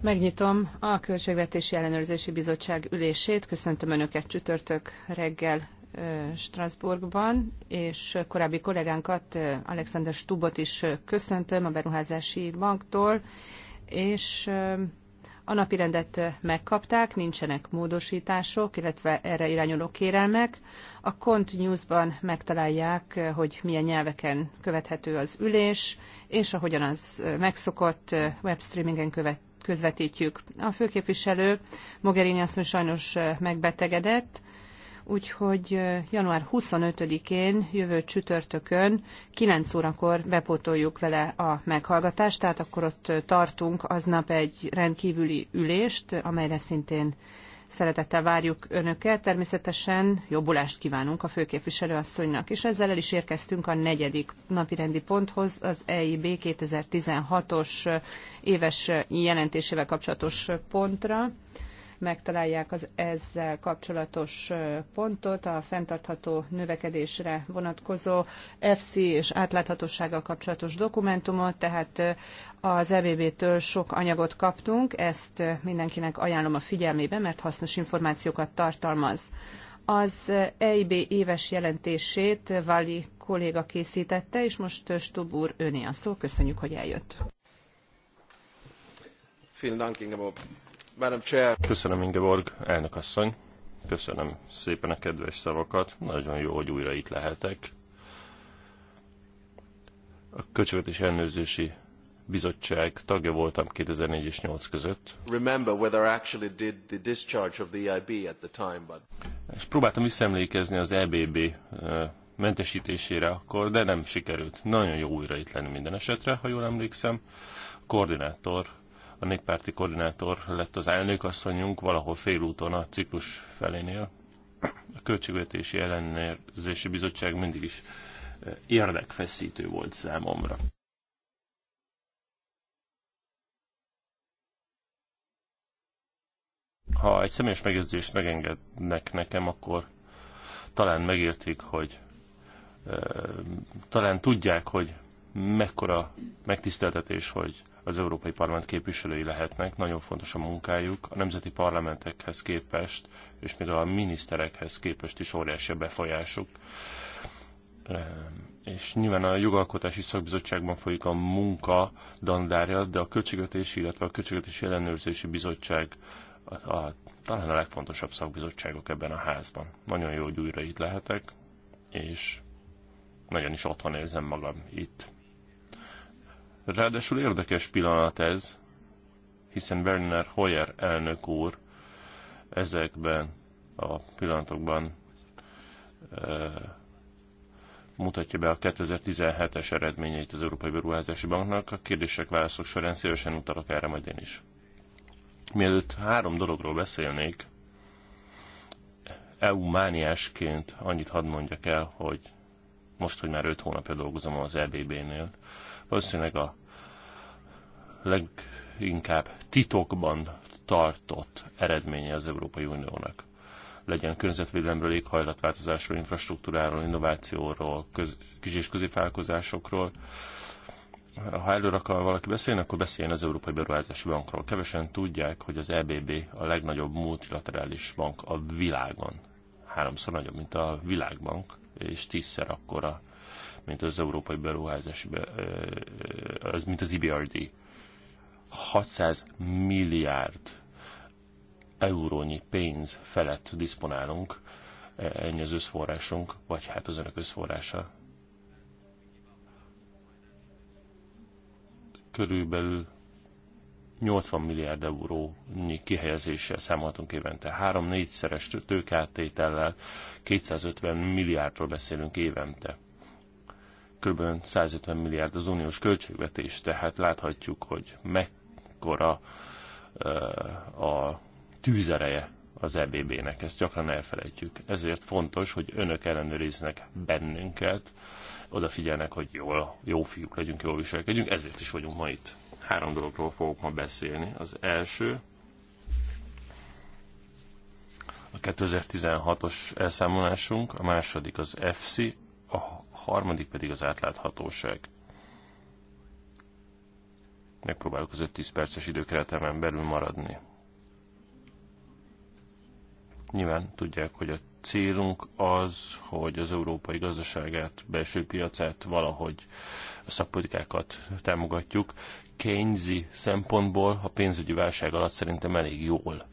megnyitom a költségvetési ellenőrzési bizottság ülését köszöntöm önöket csütörtök reggel strasbourgban és korábbi kollégánkat alexander stubbot is köszöntöm a beruházási banktól és a napirendet megkapták, nincsenek módosítások, illetve erre irányuló kérelmek. A Kont News-ban megtalálják, hogy milyen nyelveken követhető az ülés, és ahogyan az megszokott webstreamingen követ, közvetítjük. A főképviselő Mogherini azt mondja, sajnos megbetegedett, úgyhogy január 25-én, jövő csütörtökön 9 órakor bepótoljuk vele a meghallgatást, tehát akkor ott tartunk aznap egy rendkívüli ülést, amelyre szintén szeretettel várjuk Önöket. Természetesen jobbulást kívánunk a főképviselő asszonynak, és ezzel el is érkeztünk a negyedik napirendi ponthoz, az EIB 2016-os éves jelentésével kapcsolatos pontra megtalálják az ezzel kapcsolatos pontot, a fenntartható növekedésre vonatkozó FC és átláthatósággal kapcsolatos dokumentumot, tehát az EBB-től sok anyagot kaptunk, ezt mindenkinek ajánlom a figyelmébe, mert hasznos információkat tartalmaz. Az EIB éves jelentését Vali kolléga készítette, és most Stub úr öné a szó. Köszönjük, hogy eljött. Vielen Dank, Ingeborg. Madam Chair. Köszönöm, Ingeborg, elnök asszony. Köszönöm szépen a kedves szavakat. Nagyon jó, hogy újra itt lehetek. A Költségvetés Ellenőrzési Bizottság tagja voltam 2004 és 8 között. Remember whether actually did the discharge of the EIB at the time, but... És próbáltam visszaemlékezni az EBB eh, mentesítésére akkor, de nem sikerült. Nagyon jó újra itt lenni minden esetre, ha jól emlékszem. koordinátor a néppárti koordinátor lett az elnök asszonyunk valahol félúton a ciklus felénél. A Költségvetési Ellenőrzési Bizottság mindig is eh, érdekfeszítő volt számomra. Ha egy személyes megjegyzést megengednek nekem, akkor talán megértik, hogy eh, talán tudják, hogy mekkora megtiszteltetés, hogy az Európai Parlament képviselői lehetnek, nagyon fontos a munkájuk, a nemzeti parlamentekhez képest, és még a miniszterekhez képest is óriási a befolyásuk. Ehm, és nyilván a jogalkotási szakbizottságban folyik a munka dandárja, de a költségvetési, illetve a költségvetési ellenőrzési bizottság a, a, talán a legfontosabb szakbizottságok ebben a házban. Nagyon jó, hogy újra itt lehetek, és nagyon is otthon érzem magam itt. Ráadásul érdekes pillanat ez, hiszen Werner Hoyer elnök úr ezekben a pillanatokban mutatja be a 2017-es eredményeit az Európai Beruházási Banknak. A kérdések, válaszok során szívesen utalok erre majd én is. Mielőtt három dologról beszélnék, EU mániásként annyit hadd mondjak el, hogy most, hogy már öt hónapja dolgozom az EBB-nél, valószínűleg a leginkább titokban tartott eredménye az Európai Uniónak. Legyen környezetvédelemről, éghajlatváltozásról, infrastruktúráról, innovációról, köz, kis- és középvállalkozásokról. Ha előre akar valaki beszélni, akkor beszéljen az Európai Beruházási Bankról. Kevesen tudják, hogy az EBB a legnagyobb multilaterális bank a világon. Háromszor nagyobb, mint a világbank, és tízszer akkora mint az Európai Beruházási, az, mint az IBRD. E 600 milliárd eurónyi pénz felett disponálunk, e, ennyi az összforrásunk, vagy hát az önök összforrása. Körülbelül 80 milliárd eurónyi kihelyezéssel számolhatunk évente. 3-4 szeres tőkátétellel 250 milliárdról beszélünk évente kb. 150 milliárd az uniós költségvetés, tehát láthatjuk, hogy mekkora a tűzereje az EBB-nek, ezt gyakran elfelejtjük. Ezért fontos, hogy önök ellenőriznek bennünket, odafigyelnek, hogy jól, jó fiúk legyünk, jól viselkedjünk, ezért is vagyunk ma itt. Három dologról fogok ma beszélni. Az első, a 2016-os elszámolásunk, a második az EFSI, a harmadik pedig az átláthatóság. Megpróbálok az 5-10 perces időkeretemen belül maradni. Nyilván tudják, hogy a célunk az, hogy az európai gazdaságát, belső piacát valahogy a szakpolitikákat támogatjuk. Keynesi szempontból a pénzügyi válság alatt szerintem elég jól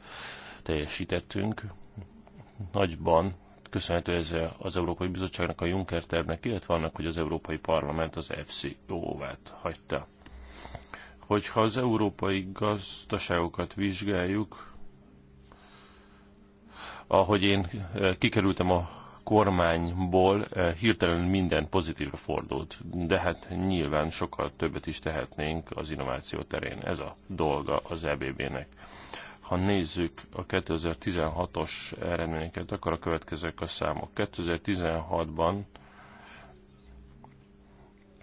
teljesítettünk. Nagyban Köszönhető ez az Európai Bizottságnak, a Juncker tervnek, illetve annak, hogy az Európai Parlament az FC óvát hagyta. Hogyha az európai gazdaságokat vizsgáljuk, ahogy én eh, kikerültem a kormányból eh, hirtelen minden pozitívra fordult, de hát nyilván sokkal többet is tehetnénk az innováció terén. Ez a dolga az EBB-nek. Ha nézzük a 2016-os eredményeket, akkor a következők a számok. 2016-ban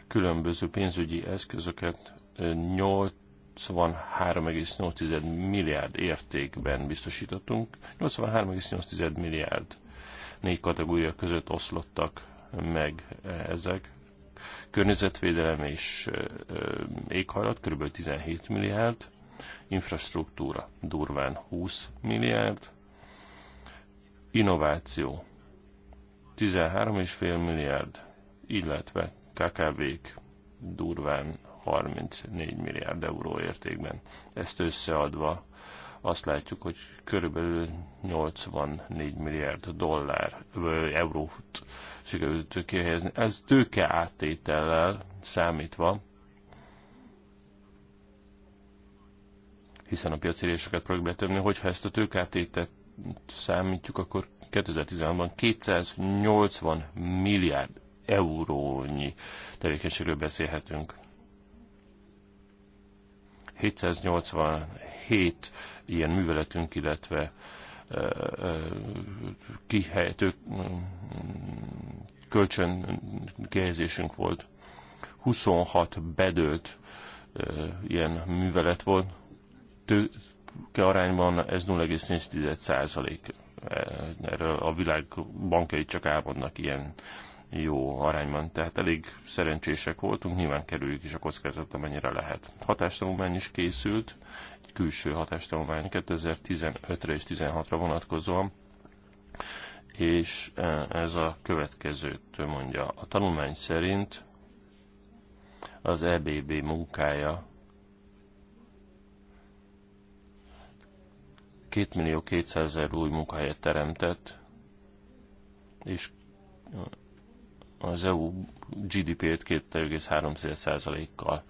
különböző pénzügyi eszközöket 83,8 milliárd értékben biztosítottunk. 83,8 milliárd négy kategória között oszlottak meg ezek. Környezetvédelem és éghajlat kb. 17 milliárd, infrastruktúra durván 20 milliárd, innováció 13,5 milliárd, illetve KKV-k durván 34 milliárd euró értékben. Ezt összeadva azt látjuk, hogy körülbelül 84 milliárd dollár, vagy eurót sikerült kihelyezni. Ez tőke áttétellel számítva hiszen a piacéréseket próbáljuk betömni. Hogyha ezt a tőkátétet számítjuk, akkor 2016-ban 280 milliárd eurónyi tevékenységről beszélhetünk. 787 ilyen műveletünk, illetve kihelytő kölcsön kihelyezésünk volt. 26 bedőlt ilyen művelet volt, tőke arányban ez 0,4 százalék. Erről a világ bankjai csak álmodnak ilyen jó arányban. Tehát elég szerencsések voltunk, nyilván kerüljük is a kockázatot, amennyire lehet. Hatástanulmány is készült, egy külső hatástanulmány 2015-re és 2016-ra vonatkozóan, és e, ez a következőt mondja. A tanulmány szerint az EBB munkája 2 millió 200 ezer új munkahelyet teremtett, és az EU GDP-t 2,3%-kal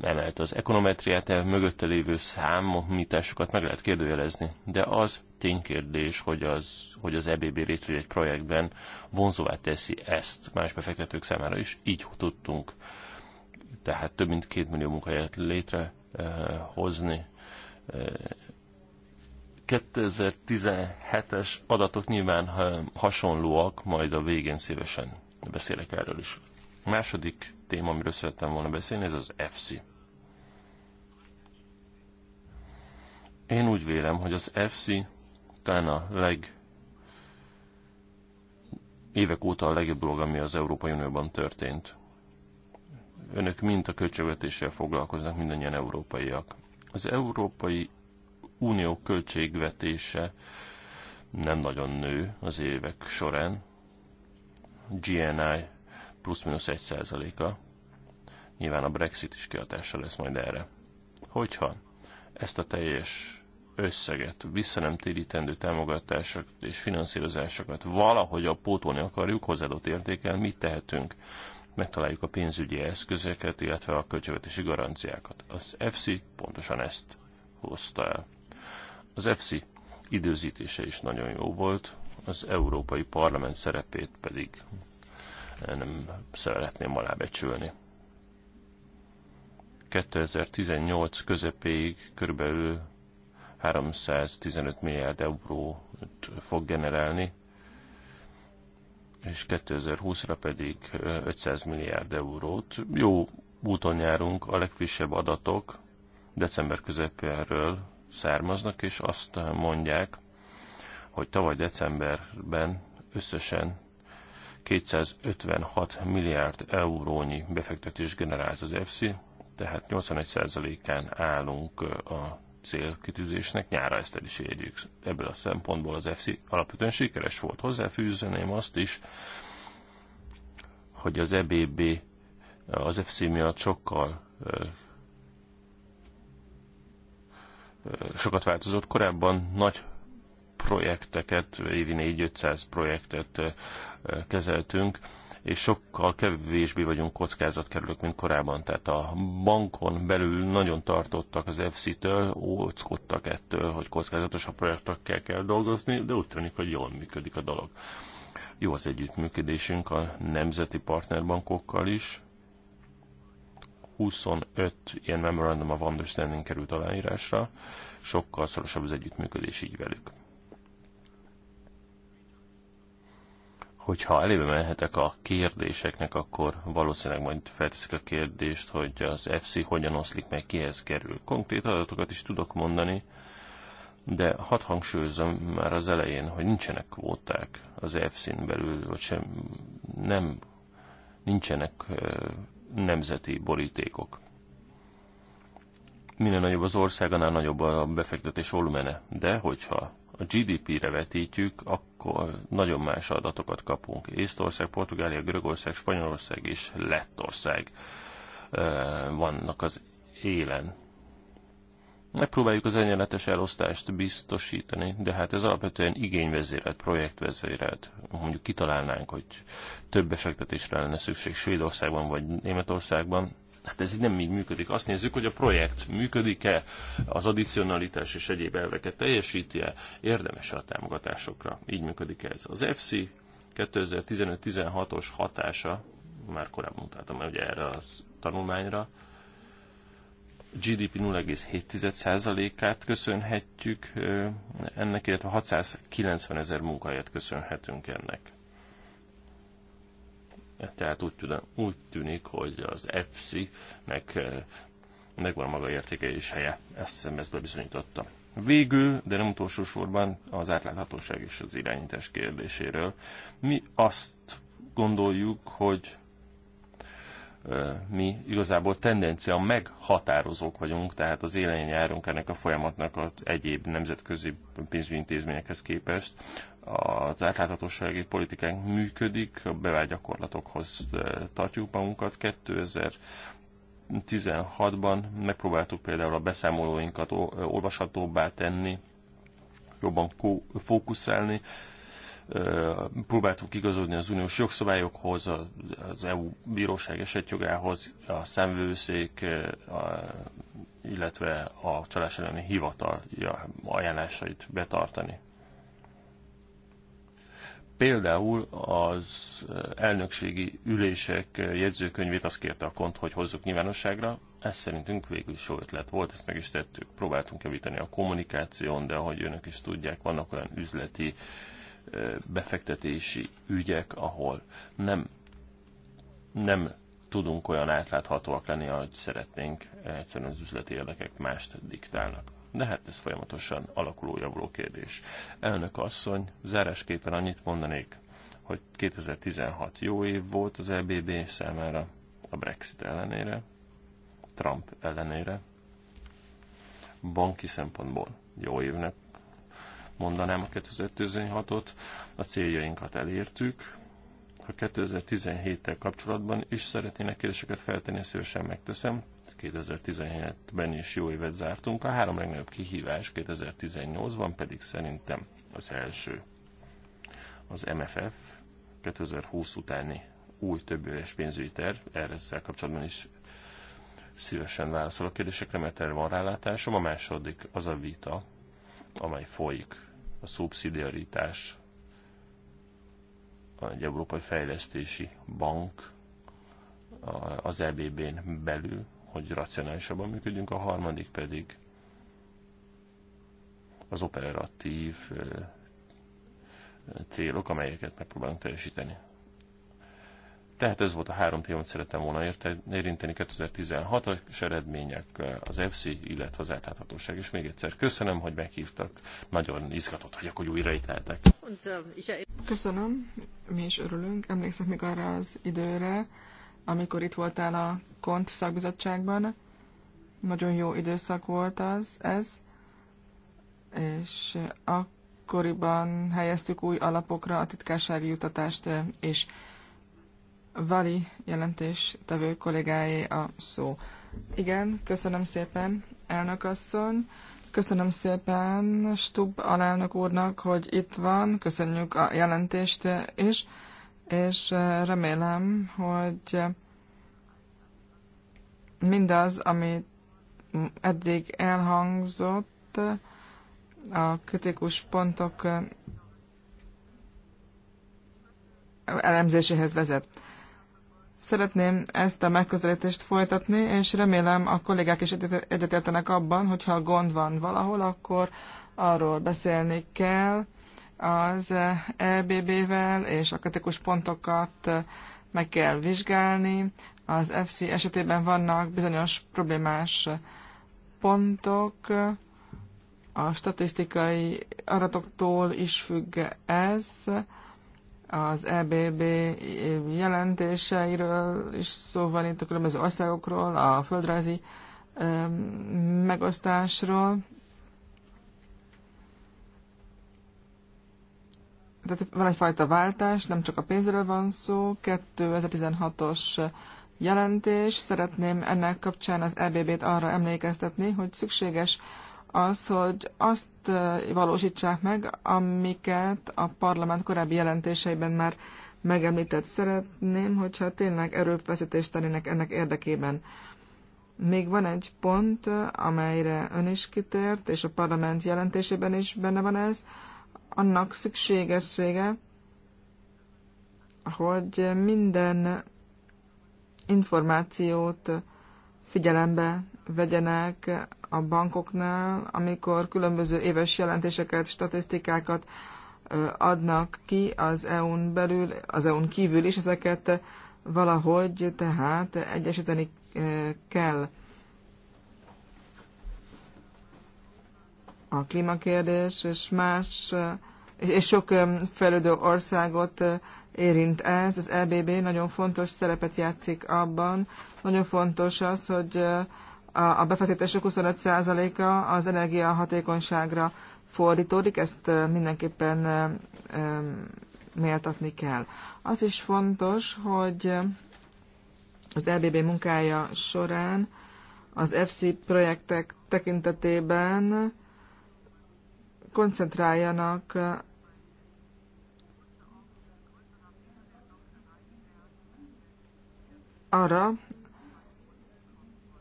emelte. Az ekonometriát mögötte lévő számomításokat meg lehet kérdőjelezni, de az ténykérdés, hogy az, hogy az EBB részt egy projektben vonzóvá teszi ezt más befektetők számára is. Így tudtunk tehát több mint két millió munkahelyet létrehozni, 2017-es adatok nyilván hasonlóak, majd a végén szívesen beszélek erről is. A második téma, amiről szerettem volna beszélni, ez az FC. Én úgy vélem, hogy az FC talán a leg évek óta a legjobb dolog, ami az Európai Unióban történt. Önök mind a költségvetéssel foglalkoznak, mindannyian európaiak. Az Európai Unió költségvetése nem nagyon nő az évek során. GNI plusz-minusz egy százaléka. Nyilván a Brexit is kihatása lesz majd erre. Hogyha ezt a teljes összeget, vissza nem térítendő támogatásokat és finanszírozásokat valahogy a pótolni akarjuk, hozzáadott értékel, mit tehetünk? Megtaláljuk a pénzügyi eszközeket, illetve a költségvetési garanciákat. Az FC pontosan ezt hozta el. Az EFSI időzítése is nagyon jó volt, az Európai Parlament szerepét pedig eh, nem szeretném alábecsülni. 2018 közepéig körülbelül 315 milliárd eurót fog generálni, és 2020-ra pedig 500 eh, milliárd eurót. Jó úton járunk, a legfrissebb adatok december közepéről származnak, és azt mondják, hogy tavaly decemberben összesen 256 milliárd eurónyi befektetés generált az EFSI, tehát 81%-án állunk a célkitűzésnek, nyára ezt el is érjük. Ebből a szempontból az EFSI alapvetően sikeres volt. Hozzáfűzeném azt is, hogy az EBB az EFSI miatt sokkal sokat változott. Korábban nagy projekteket, évi 4500 projektet kezeltünk, és sokkal kevésbé vagyunk kockázatkerülők, mint korábban. Tehát a bankon belül nagyon tartottak az FC-től, óckodtak ettől, hogy kockázatosabb projektekkel kell dolgozni, de úgy tűnik, hogy jól működik a dolog. Jó az együttműködésünk a nemzeti partnerbankokkal is, 25 ilyen Memorandum of Understanding került aláírásra, sokkal szorosabb az együttműködés így velük. Hogyha elébe mehetek a kérdéseknek, akkor valószínűleg majd felteszik a kérdést, hogy az FC hogyan oszlik meg, kihez kerül. Konkrét adatokat is tudok mondani, de hadd hangsúlyozom már az elején, hogy nincsenek kvóták az fc n belül, vagy sem nem nincsenek nemzeti borítékok. Minél nagyobb az ország, annál nagyobb a befektetés volumene. De hogyha a GDP-re vetítjük, akkor nagyon más adatokat kapunk. Észtország, Portugália, Görögország, Spanyolország és Lettország eh, vannak az élen. Megpróbáljuk az egyenletes elosztást biztosítani, de hát ez alapvetően igényvezérelt, projektvezérelt. Mondjuk kitalálnánk, hogy több befektetésre lenne szükség Svédországban vagy Németországban. Hát ez így nem így működik. Azt nézzük, hogy a projekt működik-e, az addicionalitás és egyéb elveket teljesíti-e, érdemes-e a támogatásokra. Így működik ez. Az FC 2015-16-os hatása, már korábban mutáltam hogy erre a tanulmányra, GDP 0,7%-át köszönhetjük ennek, illetve 690 ezer munkahelyet köszönhetünk ennek. Tehát úgy, tűn, úgy tűnik, hogy az FC-nek megvan maga értéke és helye. Ezt hiszem, ezt bebizonyította. Végül, de nem utolsó sorban az átláthatóság és az irányítás kérdéséről. Mi azt gondoljuk, hogy mi igazából tendencia meghatározók vagyunk, tehát az élen járunk ennek a folyamatnak az egyéb nemzetközi pénzügyi intézményekhez képest. Az átláthatósági politikánk működik, a bevált gyakorlatokhoz tartjuk magunkat. 2016 ban megpróbáltuk például a beszámolóinkat olvashatóbbá tenni, jobban fókuszálni, próbáltuk igazodni az uniós jogszabályokhoz, az EU bíróság esetjogához, a szemvőszék, illetve a csalás elleni hivatal ajánlásait betartani. Például az elnökségi ülések jegyzőkönyvét azt kérte a kont, hogy hozzuk nyilvánosságra. Ez szerintünk végül is jó ötlet volt, ezt meg is tettük. Próbáltunk javítani a kommunikáción, de ahogy önök is tudják, vannak olyan üzleti uh, befektetési ügyek, ahol nem, nem tudunk olyan átláthatóak lenni, ahogy szeretnénk, egyszerűen az üzleti érdekek mást diktálnak. De hát ez folyamatosan alakuló, javuló kérdés. Elnök asszony, zárásképpen annyit mondanék, hogy 2016 jó év volt az EBB számára, a Brexit ellenére, Trump ellenére, banki szempontból jó évnek mondanám a 2016-ot, a céljainkat elértük. Ha 2017-tel kapcsolatban is szeretnének kérdéseket feltenni, szívesen megteszem. 2017-ben is jó évet zártunk. A három legnagyobb kihívás 2018-ban pedig szerintem az első. Az MFF 2020 utáni új többéves pénzügyi terv, erre ezzel kapcsolatban is szívesen válaszolok kérdésekre, mert erre van rálátásom. A második az a vita, amely folyik a szubszidiaritás egy Európai Fejlesztési Bank az EBB-n belül, hogy racionálisabban működjünk, a harmadik pedig az operatív célok, amelyeket megpróbálunk teljesíteni. Tehát ez volt a három téma, amit szerettem volna érinteni 2016-as eredmények, az FC, illetve az átláthatóság. És még egyszer köszönöm, hogy meghívtak. Nagyon izgatott vagyok, hogy újra itt lehetek. Ähm, er- köszönöm, mi is örülünk. Emlékszek még arra az időre, amikor itt voltál a KONT szakbizottságban. Nagyon jó időszak volt az, ez. És akkoriban helyeztük új alapokra a titkársági jutatást, és Vali jelentéstevő kollégáé a szó. Igen, köszönöm szépen, elnök asszony. Köszönöm szépen Stubb alelnök úrnak, hogy itt van. Köszönjük a jelentést is, és remélem, hogy mindaz, ami eddig elhangzott, a kritikus pontok elemzéséhez vezet. Szeretném ezt a megközelítést folytatni, és remélem a kollégák is egyetértenek abban, hogyha gond van valahol, akkor arról beszélni kell az EBB-vel, és a kritikus pontokat meg kell vizsgálni. Az FC esetében vannak bizonyos problémás pontok, a statisztikai adatoktól is függ ez, az EBB jelentéseiről is szó van itt a különböző országokról, a földrajzi megosztásról. Tehát van egyfajta váltás, nem csak a pénzről van szó. 2016-os jelentés. Szeretném ennek kapcsán az EBB-t arra emlékeztetni, hogy szükséges az, hogy azt valósítsák meg, amiket a parlament korábbi jelentéseiben már megemlített. Szeretném, hogyha tényleg erőfeszítést tennének ennek érdekében. Még van egy pont, amelyre ön is kitért, és a parlament jelentésében is benne van ez, annak szükségessége, hogy minden információt figyelembe vegyenek a bankoknál, amikor különböző éves jelentéseket, statisztikákat adnak ki az EU-n belül, az EU-n kívül is, ezeket valahogy tehát egyesíteni kell. A klímakérdés és más, és sok fejlődő országot érint ez. Az EBB nagyon fontos szerepet játszik abban. Nagyon fontos az, hogy a befektetések 25%-a az energiahatékonyságra fordítódik, ezt mindenképpen méltatni kell. Az is fontos, hogy az LBB munkája során az FC projektek tekintetében koncentráljanak arra,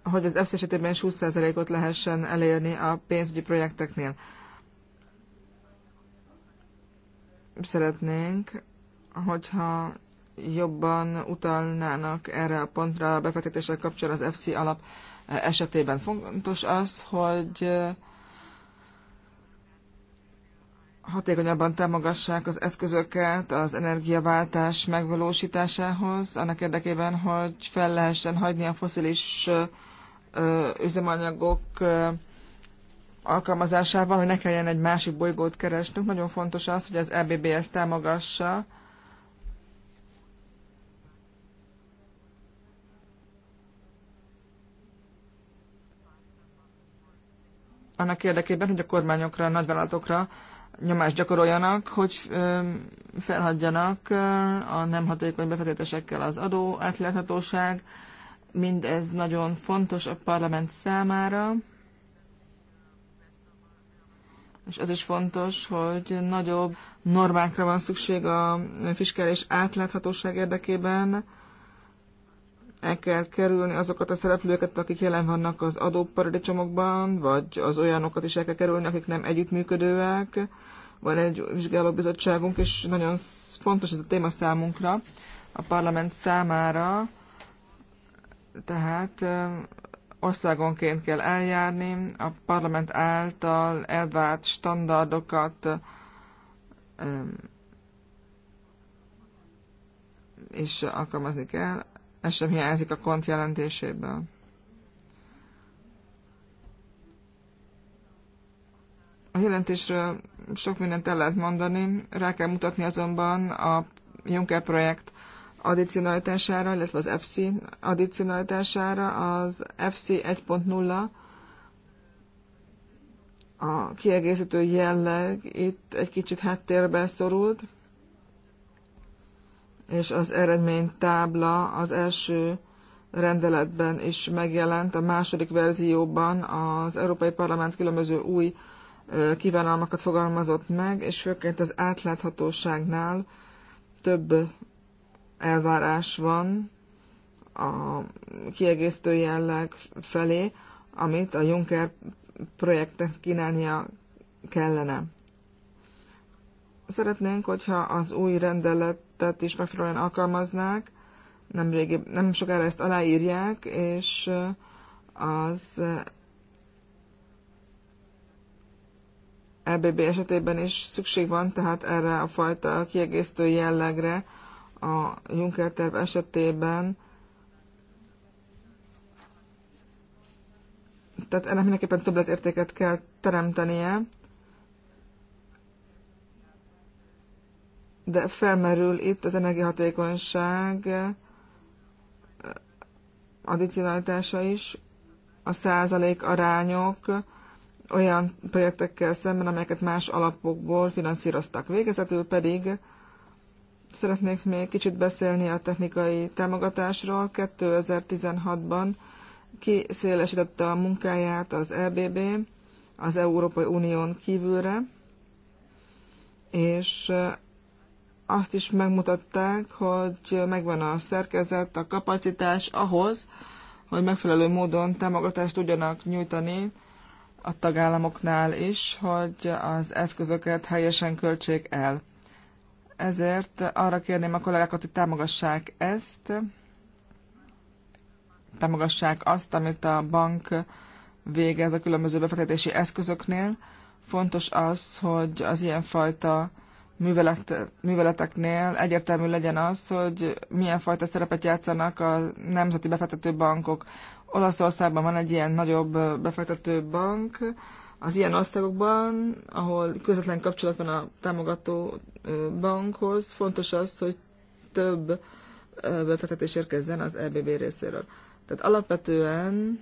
hogy az EFSZ esetében is 20%-ot lehessen elérni a pénzügyi projekteknél. Szeretnénk, hogyha jobban utalnának erre a pontra a befektetéssel kapcsolatban az FC alap eh, esetében. Fontos az, hogy eh, hatékonyabban támogassák az eszközöket az energiaváltás megvalósításához, annak érdekében, hogy fel lehessen hagyni a foszilis eh, üzemanyagok alkalmazásával, hogy ne kelljen egy másik bolygót keresnünk. Nagyon fontos az, hogy az EBB ezt támogassa. Annak érdekében, hogy a kormányokra, a nagyvállalatokra nyomást gyakoroljanak, hogy felhagyjanak a nem hatékony befektetésekkel az adó átláthatóság, Mindez nagyon fontos a parlament számára, és az is fontos, hogy nagyobb normákra van szükség a fiskális átláthatóság érdekében. El kell kerülni azokat a szereplőket, akik jelen vannak az adóparadicsomokban, vagy az olyanokat is el kell kerülni, akik nem együttműködőek. Van egy vizsgálóbizottságunk, és nagyon fontos ez a téma számunkra, a parlament számára, tehát országonként kell eljárni, a parlament által elvárt standardokat és alkalmazni kell. Ez sem hiányzik a kont jelentéséből. A jelentésről sok mindent el lehet mondani, rá kell mutatni azonban a Juncker projekt addicionalitására, illetve az FC addicionalitására, az FC 1.0 a kiegészítő jelleg itt egy kicsit háttérbe szorult, és az eredménytábla az első rendeletben is megjelent, a második verzióban az Európai Parlament különböző új kívánalmakat fogalmazott meg, és főként az átláthatóságnál több elvárás van a kiegészítő jelleg felé, amit a Juncker projektnek kínálnia kellene. Szeretnénk, hogyha az új rendeletet is megfelelően alkalmaznák, nem, régi, nem sokára ezt aláírják, és uh, az uh, EBB esetében is szükség van tehát erre a fajta kiegészítő jellegre, a Juncker terv esetében. Tehát ennek mindenképpen többletértéket kell teremtenie, de felmerül itt az energiahatékonyság addicionalitása is, a százalék arányok olyan projektekkel szemben, amelyeket más alapokból finanszíroztak. Végezetül pedig Szeretnék még kicsit beszélni a technikai támogatásról. 2016-ban kiszélesítette a munkáját az EBB az Európai Unión kívülre, és eh, azt is megmutatták, hogy megvan a szerkezet, a kapacitás ahhoz, hogy megfelelő módon támogatást tudjanak nyújtani a tagállamoknál is, hogy az eszközöket helyesen költsék el ezért arra kérném a kollégákat, hogy támogassák ezt, támogassák azt, amit a bank végez a különböző befektetési eszközöknél. Fontos az, hogy az ilyenfajta művelet, műveleteknél egyértelmű legyen az, hogy milyen fajta szerepet játszanak a nemzeti befektető bankok. Olaszországban van egy ilyen nagyobb befektető bank, az ilyen országokban, ahol közvetlen kapcsolat van a támogató bankhoz, fontos az, hogy több befektetés érkezzen az EBB részéről. Tehát alapvetően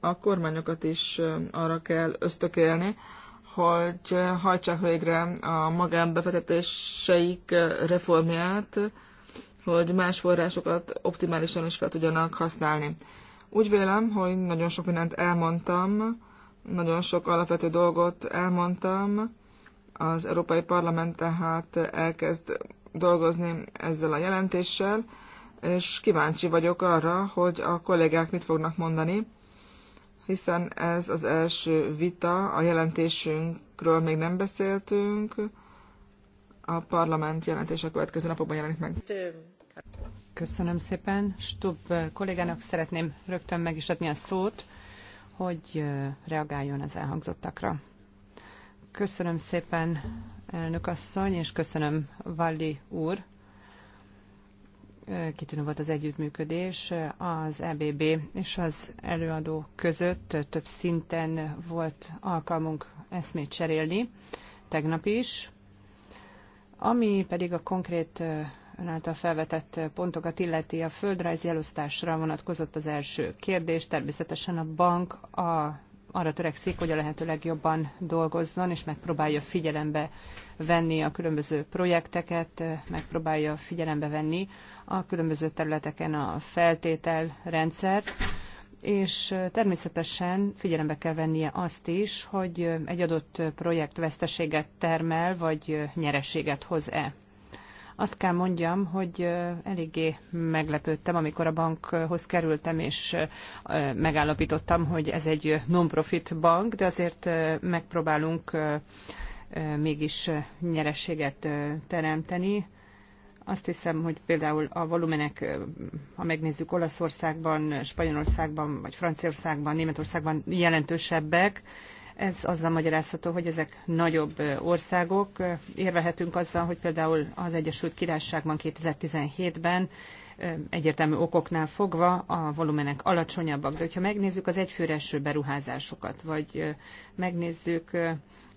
a kormányokat is arra kell ösztökélni, hogy hajtsák végre a magánbefektetéseik reformját, hogy más forrásokat optimálisan is fel tudjanak használni. Úgy vélem, hogy nagyon sok mindent elmondtam, nagyon sok alapvető dolgot elmondtam. Az Európai Parlament tehát elkezd dolgozni ezzel a jelentéssel, és kíváncsi vagyok arra, hogy a kollégák mit fognak mondani, hiszen ez az első vita, a jelentésünkről még nem beszéltünk, a parlament jelentése a következő napokban jelenik meg. Köszönöm szépen. Stubb kollégának szeretném rögtön meg is adni a szót, hogy reagáljon az elhangzottakra. Köszönöm szépen, elnök asszony, és köszönöm, Valli úr. Kitűnő volt az együttműködés az EBB és az előadó között. Több szinten volt alkalmunk eszmét cserélni, tegnap is. Ami pedig a konkrét által felvetett pontokat illeti a földrajzi elosztásra vonatkozott az első kérdés. Természetesen a bank a, arra törekszik, hogy a lehető legjobban dolgozzon, és megpróbálja figyelembe venni a különböző projekteket, megpróbálja figyelembe venni a különböző területeken a feltételrendszert, és természetesen figyelembe kell vennie azt is, hogy egy adott projekt veszteséget termel, vagy nyereséget hoz-e. Azt kell mondjam, hogy eléggé meglepődtem, amikor a bankhoz kerültem, és megállapítottam, hogy ez egy non-profit bank, de azért megpróbálunk mégis nyerességet teremteni. Azt hiszem, hogy például a volumenek, ha megnézzük Olaszországban, Spanyolországban, vagy Franciaországban, Németországban jelentősebbek, ez azzal magyarázható, hogy ezek nagyobb országok. Érvehetünk azzal, hogy például az Egyesült Királyságban 2017-ben egyértelmű okoknál fogva a volumenek alacsonyabbak. De hogyha megnézzük az egyfőre eső beruházásokat, vagy megnézzük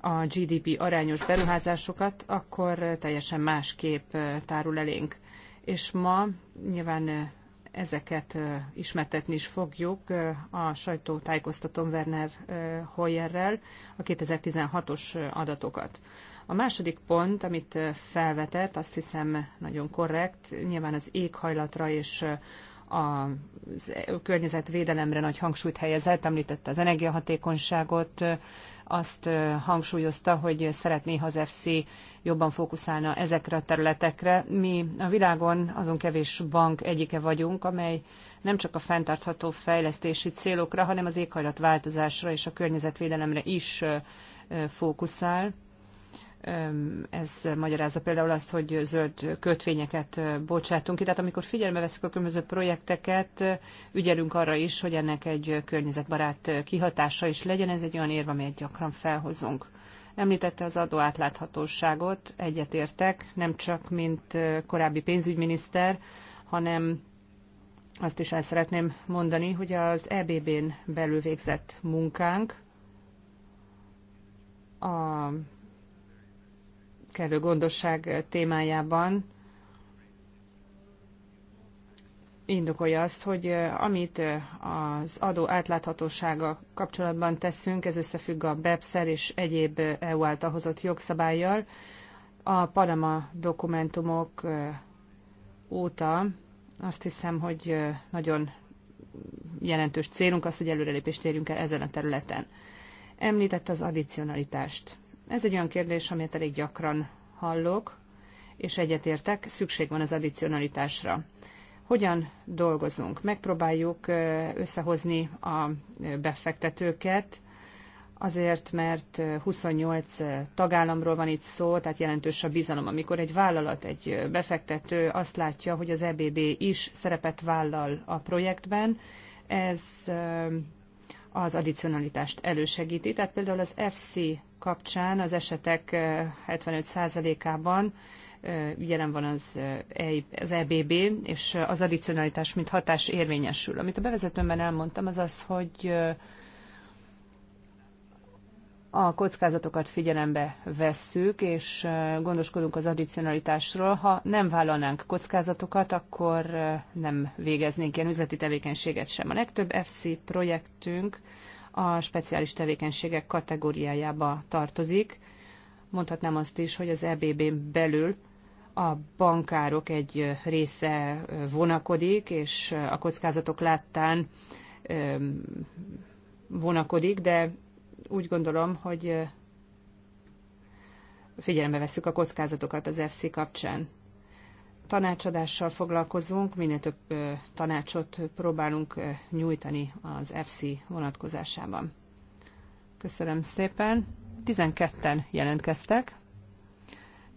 a GDP arányos beruházásokat, akkor teljesen más kép tárul elénk. És ma nyilván ezeket ismertetni is fogjuk a sajtótájékoztatón Werner Hoyerrel a 2016-os adatokat. A második pont, amit felvetett, azt hiszem nagyon korrekt, nyilván az éghajlatra és a környezetvédelemre nagy hangsúlyt helyezett, említette az energiahatékonyságot, azt hangsúlyozta, hogy szeretné, ha az FC jobban fókuszálna ezekre a területekre. Mi a világon azon kevés bank egyike vagyunk, amely nem csak a fenntartható fejlesztési célokra, hanem az éghajlatváltozásra és a környezetvédelemre is fókuszál ez magyarázza például azt, hogy zöld kötvényeket bocsátunk ki. Tehát amikor figyelme veszik a különböző projekteket, ügyelünk arra is, hogy ennek egy környezetbarát kihatása is legyen. Ez egy olyan érv, amelyet gyakran felhozunk. Említette az adó átláthatóságot, egyetértek, nem csak mint korábbi pénzügyminiszter, hanem azt is el szeretném mondani, hogy az EBB-n belül végzett munkánk, a kellő gondosság témájában indokolja azt, hogy amit az adó átláthatósága kapcsolatban teszünk, ez összefügg a beps és egyéb EU által hozott jogszabályjal. A Panama dokumentumok óta azt hiszem, hogy nagyon jelentős célunk az, hogy előrelépést érjünk el ezen a területen. Említett az addicionalitást. Ez egy olyan kérdés, amit elég gyakran hallok, és egyetértek, szükség van az addicionalitásra. Hogyan dolgozunk? Megpróbáljuk összehozni a befektetőket, azért, mert 28 tagállamról van itt szó, tehát jelentős a bizalom. Amikor egy vállalat, egy befektető azt látja, hogy az EBB is szerepet vállal a projektben, ez az addicionalitást elősegíti. Tehát például az FC kapcsán az esetek 75%-ában jelen van az, e az EBB, és az addicionalitás mint hatás érvényesül. Amit a bevezetőmben elmondtam, az az, hogy a kockázatokat figyelembe vesszük, és gondoskodunk az addicionalitásról. Ha nem vállalnánk kockázatokat, akkor nem végeznénk ilyen üzleti tevékenységet sem. A legtöbb FC projektünk a speciális tevékenységek kategóriájába tartozik. Mondhatnám azt is, hogy az EBB-n belül a bankárok egy része vonakodik, és a kockázatok láttán vonakodik, de úgy gondolom, hogy figyelembe veszük a kockázatokat az FC kapcsán. Tanácsadással foglalkozunk, minél több tanácsot próbálunk nyújtani az FC vonatkozásában. Köszönöm szépen. 12-en jelentkeztek.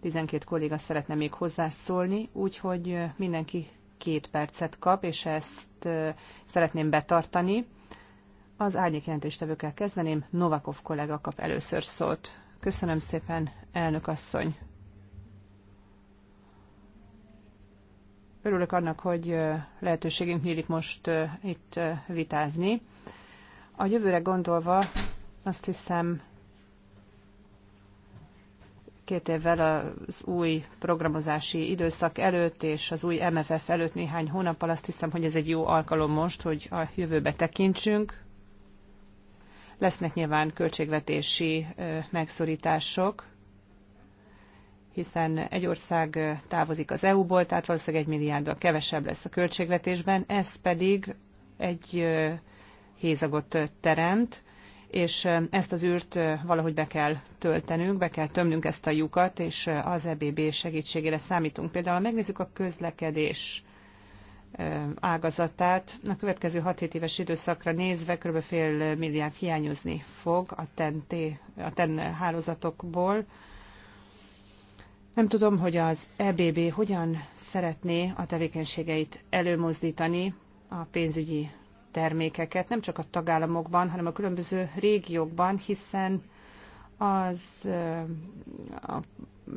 12 kolléga szeretne még hozzászólni, úgyhogy mindenki két percet kap, és ezt szeretném betartani. Az jelentéstevőkkel kezdeném. Novakov kollega kap először szót. Köszönöm szépen, elnök asszony. Örülök annak, hogy lehetőségünk nyílik most itt vitázni. A jövőre gondolva azt hiszem, két évvel az új programozási időszak előtt és az új MFF előtt néhány hónappal azt hiszem, hogy ez egy jó alkalom most, hogy a jövőbe tekintsünk. Lesznek nyilván költségvetési megszorítások, hiszen egy ország távozik az EU-ból, tehát valószínűleg egy milliárddal kevesebb lesz a költségvetésben, ez pedig egy hézagot teremt, és ezt az űrt valahogy be kell töltenünk, be kell tömnünk ezt a lyukat, és az EBB segítségére számítunk. Például ha megnézzük a közlekedés ágazatát a következő 6-7 éves időszakra nézve kb. fél milliárd hiányozni fog a TEN, a TEN hálózatokból. Nem tudom, hogy az EBB hogyan szeretné a tevékenységeit előmozdítani, a pénzügyi termékeket, nem csak a tagállamokban, hanem a különböző régiókban, hiszen az a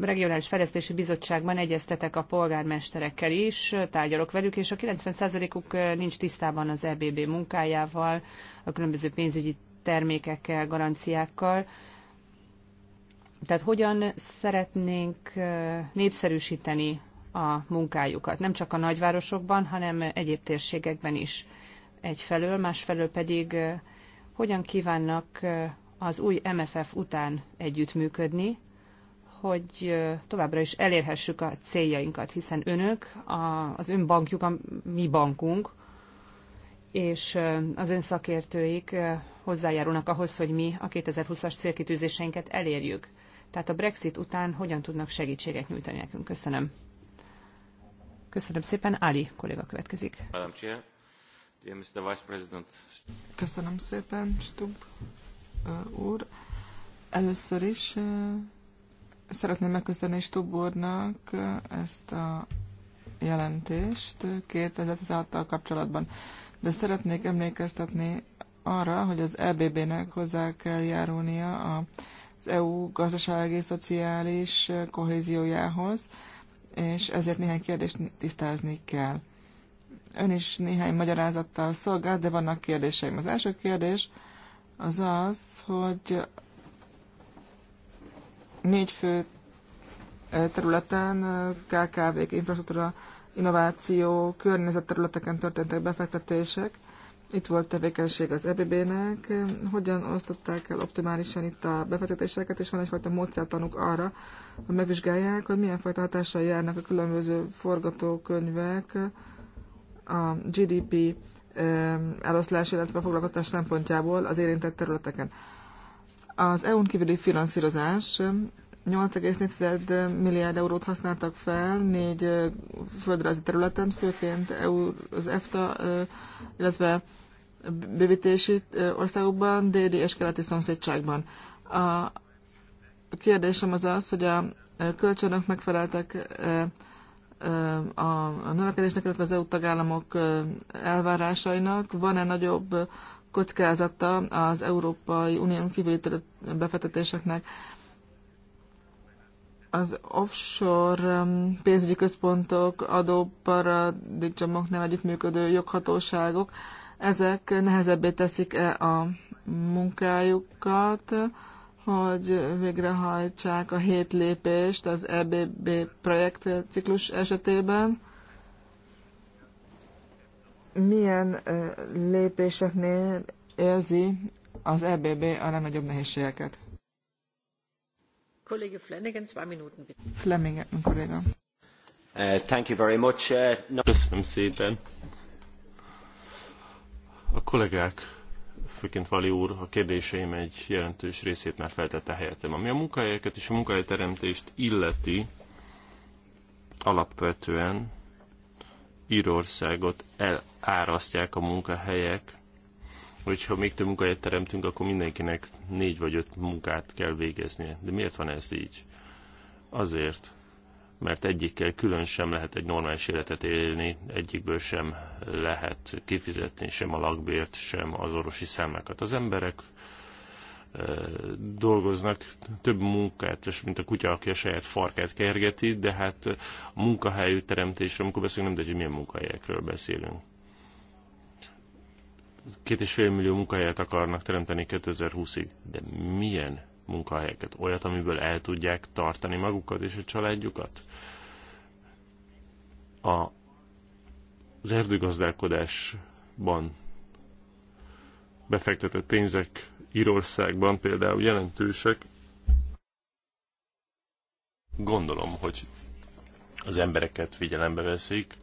Regionális Fejlesztési Bizottságban egyeztetek a polgármesterekkel is, tárgyalok velük, és a 90%-uk nincs tisztában az EBB munkájával, a különböző pénzügyi termékekkel, garanciákkal. Tehát hogyan szeretnénk népszerűsíteni a munkájukat, nem csak a nagyvárosokban, hanem egyéb térségekben is egyfelől, másfelől pedig hogyan kívánnak az új MFF után együttműködni, hogy továbbra is elérhessük a céljainkat, hiszen önök, az ön bankjuk a mi bankunk, és az ön szakértőik hozzájárulnak ahhoz, hogy mi a 2020-as célkitűzéseinket elérjük. Tehát a Brexit után hogyan tudnak segítséget nyújtani nekünk? Köszönöm. Köszönöm szépen. Ali kolléga következik. Köszönöm szépen, Stubb úr. Először is Szeretném megköszönni Stubb úrnak ezt a jelentést 2016-tal kapcsolatban, de szeretnék emlékeztetni arra, hogy az EBB-nek hozzá kell járulnia az EU gazdasági, szociális kohéziójához, és ezért néhány kérdést tisztázni kell. Ön is néhány magyarázattal szolgál, de vannak kérdéseim. Az első kérdés az az, hogy négy fő területen, KKV-k, infrastruktúra, innováció, környezetterületeken történtek befektetések. Itt volt tevékenység az EBB-nek, hogyan osztották el optimálisan itt a befektetéseket, és van egyfajta módszertanuk arra, hogy megvizsgálják, hogy milyen fajta hatással járnak a különböző forgatókönyvek a GDP eloszlás, illetve a foglalkoztás szempontjából az érintett területeken. Az EU-n kívüli finanszírozás 8,4 um, milliárd eurót használtak fel négy uh, földrajzi területen, főként EU, az EFTA, uh, illetve bővítési uh, országokban, déli és keleti szomszédságban. A kérdésem az az, hogy a kölcsönök megfeleltek a növekedésnek, illetve az EU tagállamok elvárásainak. Van-e nagyobb kockázata az Európai Unión kívüli befektetéseknek. Az offshore um, pénzügyi központok, adóparadicsomok, nem együttműködő joghatóságok, ezek nehezebbé teszik-e a munkájukat, hogy végrehajtsák a hét lépést az EBB projekt ciklus esetében, milyen lépéseknél érzi az EBB a legnagyobb nehézségeket? Kollége Flanagan, zwei Minuten. Flanagan kolléga. Uh, thank you very much. Uh, no... Köszönöm szépen. A kollégák, főként Vali úr, a kérdéseim egy jelentős részét már feltette helyettem. Ami a munkahelyeket és a munkahelyteremtést illeti, alapvetően Írországot el árasztják a munkahelyek, hogyha még több munkahelyet teremtünk, akkor mindenkinek négy vagy öt munkát kell végeznie. De miért van ez így? Azért, mert egyikkel külön sem lehet egy normális életet élni, egyikből sem lehet kifizetni sem a lakbért, sem az orvosi számlákat. Az emberek dolgoznak, több munkát, és mint a kutya, aki a saját farkát kergeti, de hát a munkahelyű teremtésről, amikor beszélünk, nem de hogy milyen munkahelyekről beszélünk két és fél millió munkahelyet akarnak teremteni 2020-ig. De milyen munkahelyeket? Olyat, amiből el tudják tartani magukat és a családjukat? A, az erdőgazdálkodásban befektetett pénzek Írországban például jelentősek. Gondolom, hogy az embereket figyelembe veszik,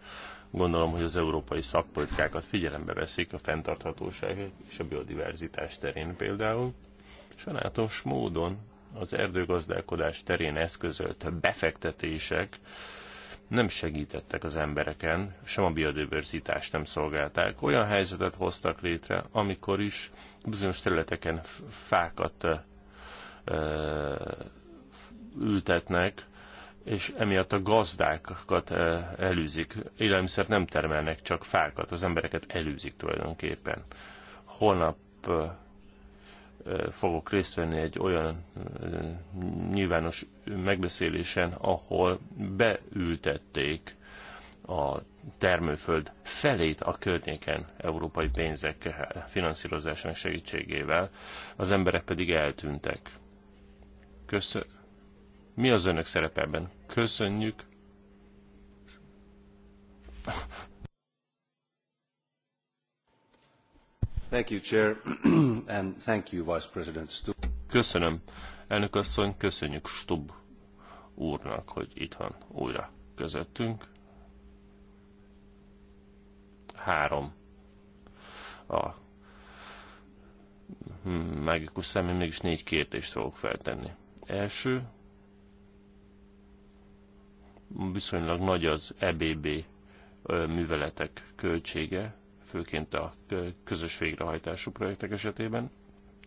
Gondolom, hogy az európai szakpolitikákat figyelembe veszik a fenntarthatóság és a biodiverzitás terén például. Sajnálatos módon az erdőgazdálkodás terén eszközölt befektetések nem segítettek az embereken, sem a biodiverzitást nem szolgálták. Olyan helyzetet hoztak létre, amikor is bizonyos területeken fákat ültetnek, és emiatt a gazdákat eh, elűzik. Élelmiszert nem termelnek, csak fákat, az embereket elűzik tulajdonképpen. Holnap eh, eh, fogok részt venni egy olyan nyilvános megbeszélésen, ahol beültették a termőföld felét a környéken európai pénzek finanszírozásának segítségével, az emberek pedig eltűntek. Köszönöm mi az önök szerepeben? Köszönjük. Thank you, Chair, and thank you, Vice President Stubb. Köszönöm. Elnök asszony, köszönjük Stubb úrnak, hogy itt van újra közöttünk. Három. A mágikus szemem mégis négy kérdést fogok feltenni. Első, viszonylag nagy az EBB műveletek költsége, főként a közös végrehajtású projektek esetében.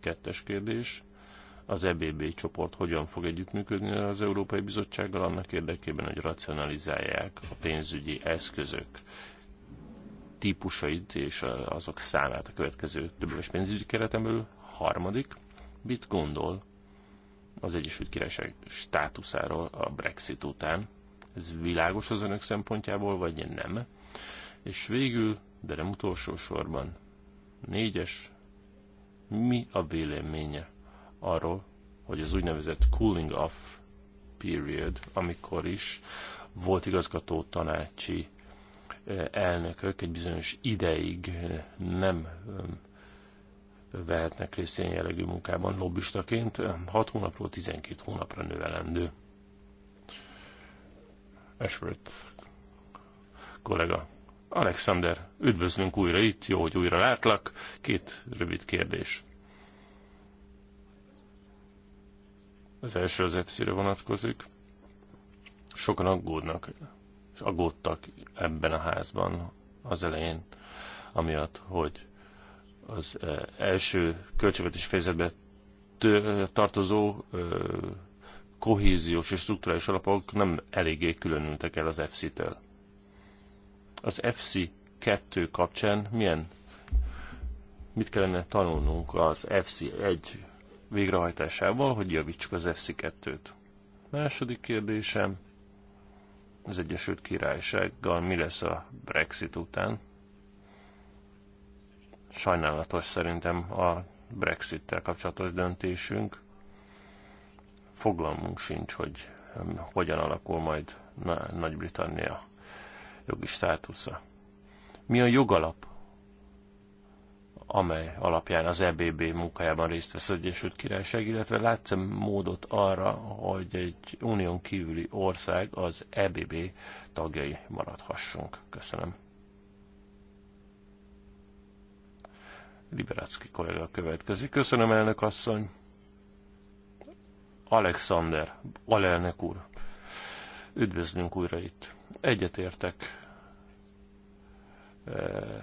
Kettes kérdés, az EBB csoport hogyan fog együttműködni az Európai Bizottsággal annak érdekében, hogy racionalizálják a pénzügyi eszközök típusait és azok számát a következő többes pénzügyi kereten belül. Harmadik, mit gondol az Egyesült Királyság státuszáról a Brexit után? Ez világos az önök szempontjából, vagy nem? És végül, de nem utolsó sorban, négyes, mi a véleménye arról, hogy az úgynevezett cooling off period, amikor is volt igazgató tanácsi eh, elnökök egy bizonyos ideig eh, nem eh, vehetnek részt ilyen jellegű munkában lobbistaként, 6 hónapról 12 hónapra növelendő. Ashworth kollega. Alexander, üdvözlünk újra itt, jó, hogy újra látlak. Két rövid kérdés. Az első az EPSZ-re vonatkozik. Sokan aggódnak, és aggódtak ebben a házban az elején, amiatt, hogy az eh, első költségvetés fejezetbe tartozó kohéziós és strukturális alapok nem eléggé különültek el az FC-től. Az FC 2 kapcsán milyen, mit kellene tanulnunk az FC 1 végrehajtásával, hogy javítsuk az FC 2-t? Második kérdésem, az Egyesült Királysággal mi lesz a Brexit után? Sajnálatos szerintem a Brexit-tel kapcsolatos döntésünk fogalmunk sincs, hogy hogyan alakul majd Nagy-Britannia jogi státusza. Mi a jogalap, amely alapján az EBB munkájában részt vesz az Egyesült Királyság, illetve látszem módot arra, hogy egy unión kívüli ország az EBB tagjai maradhassunk. Köszönöm. Liberácki kollega következik. Köszönöm, elnök asszony! Alexander, alelnök úr. Üdvözlünk újra itt. Egyetértek eh,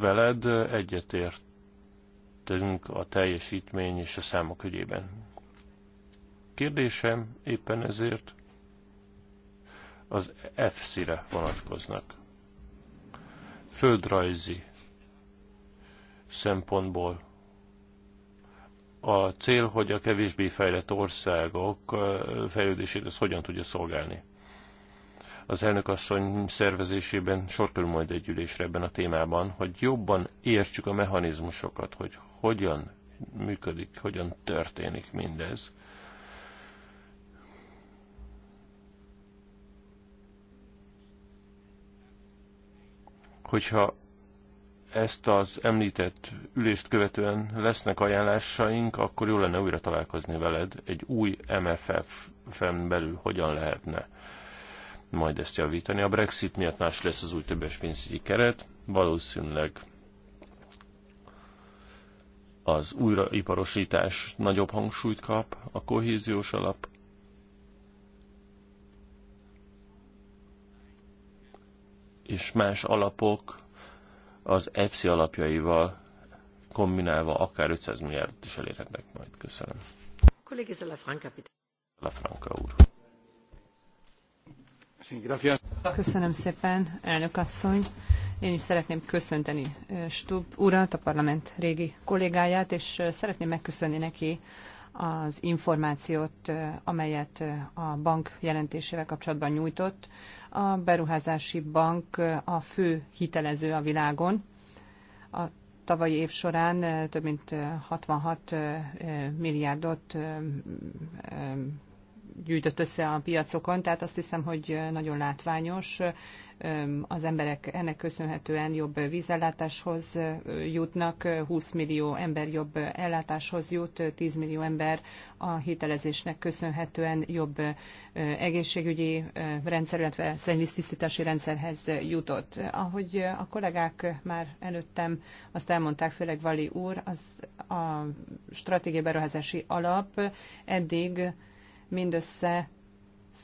veled, egyetértünk a teljesítmény és a számok ügyében. Kérdésem éppen ezért az f re vonatkoznak. Földrajzi szempontból a cél, hogy a kevésbé fejlett országok fejlődését ez hogyan tudja szolgálni. Az asszony szervezésében sor kerül majd egy ülésre ebben a témában, hogy jobban értsük a mechanizmusokat, hogy hogyan működik, hogyan történik mindez. Hogyha ezt az említett ülést követően lesznek ajánlásaink, akkor jó lenne újra találkozni veled egy új MFF-en belül hogyan lehetne majd ezt javítani. A Brexit miatt más lesz az új többes pénzügyi keret, valószínűleg az újraiparosítás nagyobb hangsúlyt kap, a kohéziós alap, és más alapok az EPSI alapjaival kombinálva akár 500 milliárdot is elérhetnek majd. Köszönöm. Kollégi Zalafranca, Zalafranca úr. Köszönöm szépen, elnök asszony. Én is szeretném köszönteni eh, Stubb urat, a parlament régi kollégáját, és eh, szeretném megköszönni neki az információt, amelyet a bank jelentésével kapcsolatban nyújtott. A beruházási bank a fő hitelező a világon. A tavalyi év során több mint 66 milliárdot gyűjtött össze a piacokon, tehát azt hiszem, hogy nagyon látványos. Az emberek ennek köszönhetően jobb vízellátáshoz jutnak, 20 millió ember jobb ellátáshoz jut, 10 millió ember a hitelezésnek köszönhetően jobb egészségügyi rendszer, illetve szennyvíztisztítási rendszerhez jutott. Ahogy a kollégák már előttem azt elmondták, főleg Vali úr, az a stratégiai beruházási alap eddig mindössze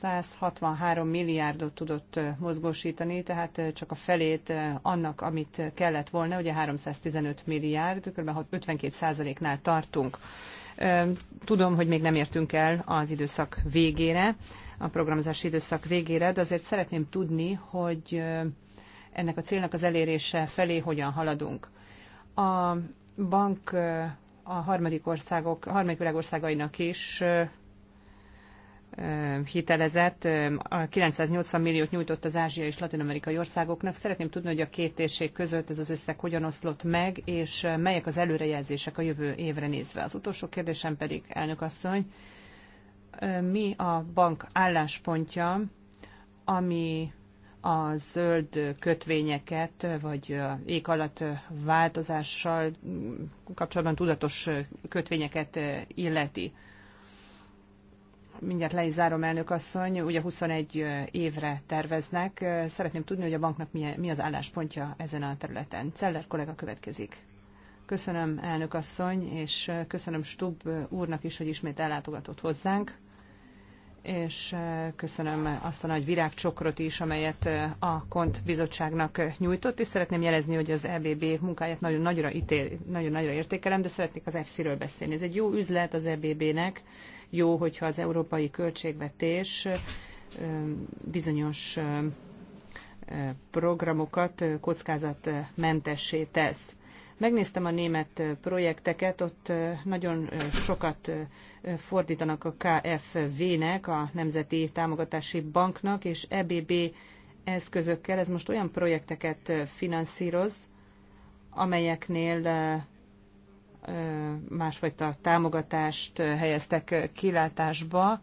163 milliárdot tudott mozgósítani, tehát csak a felét annak, amit kellett volna, ugye 315 milliárd, kb. 52 nál tartunk. Tudom, hogy még nem értünk el az időszak végére, a programozási időszak végére, de azért szeretném tudni, hogy ennek a célnak az elérése felé hogyan haladunk. A bank a harmadik országok, a harmadik világországainak is hitelezett, 980 milliót nyújtott az Ázsia és latin-amerikai országoknak. Szeretném tudni, hogy a két térség között ez az összeg hogyan oszlott meg, és melyek az előrejelzések a jövő évre nézve. Az utolsó kérdésem pedig, elnök asszony, mi a bank álláspontja, ami a zöld kötvényeket, vagy ég alatt változással kapcsolatban tudatos kötvényeket illeti mindjárt le is zárom, elnök asszony, ugye 21 évre terveznek. Szeretném tudni, hogy a banknak mi az álláspontja ezen a területen. Celler kollega következik. Köszönöm, elnök asszony, és köszönöm Stubb úrnak is, hogy ismét ellátogatott hozzánk és köszönöm azt a nagy virágcsokrot is, amelyet a Kont bizottságnak nyújtott, és szeretném jelezni, hogy az EBB munkáját nagyon nagyra, ítél, nagyon nagyra értékelem, de szeretnék az EFSZ-ről beszélni. Ez egy jó üzlet az EBB-nek, jó, hogyha az európai költségvetés bizonyos programokat kockázatmentessé tesz. Megnéztem a német projekteket, ott nagyon sokat fordítanak a KFV-nek, a Nemzeti Támogatási Banknak, és EBB eszközökkel. Ez most olyan projekteket finanszíroz, amelyeknél másfajta támogatást helyeztek kilátásba,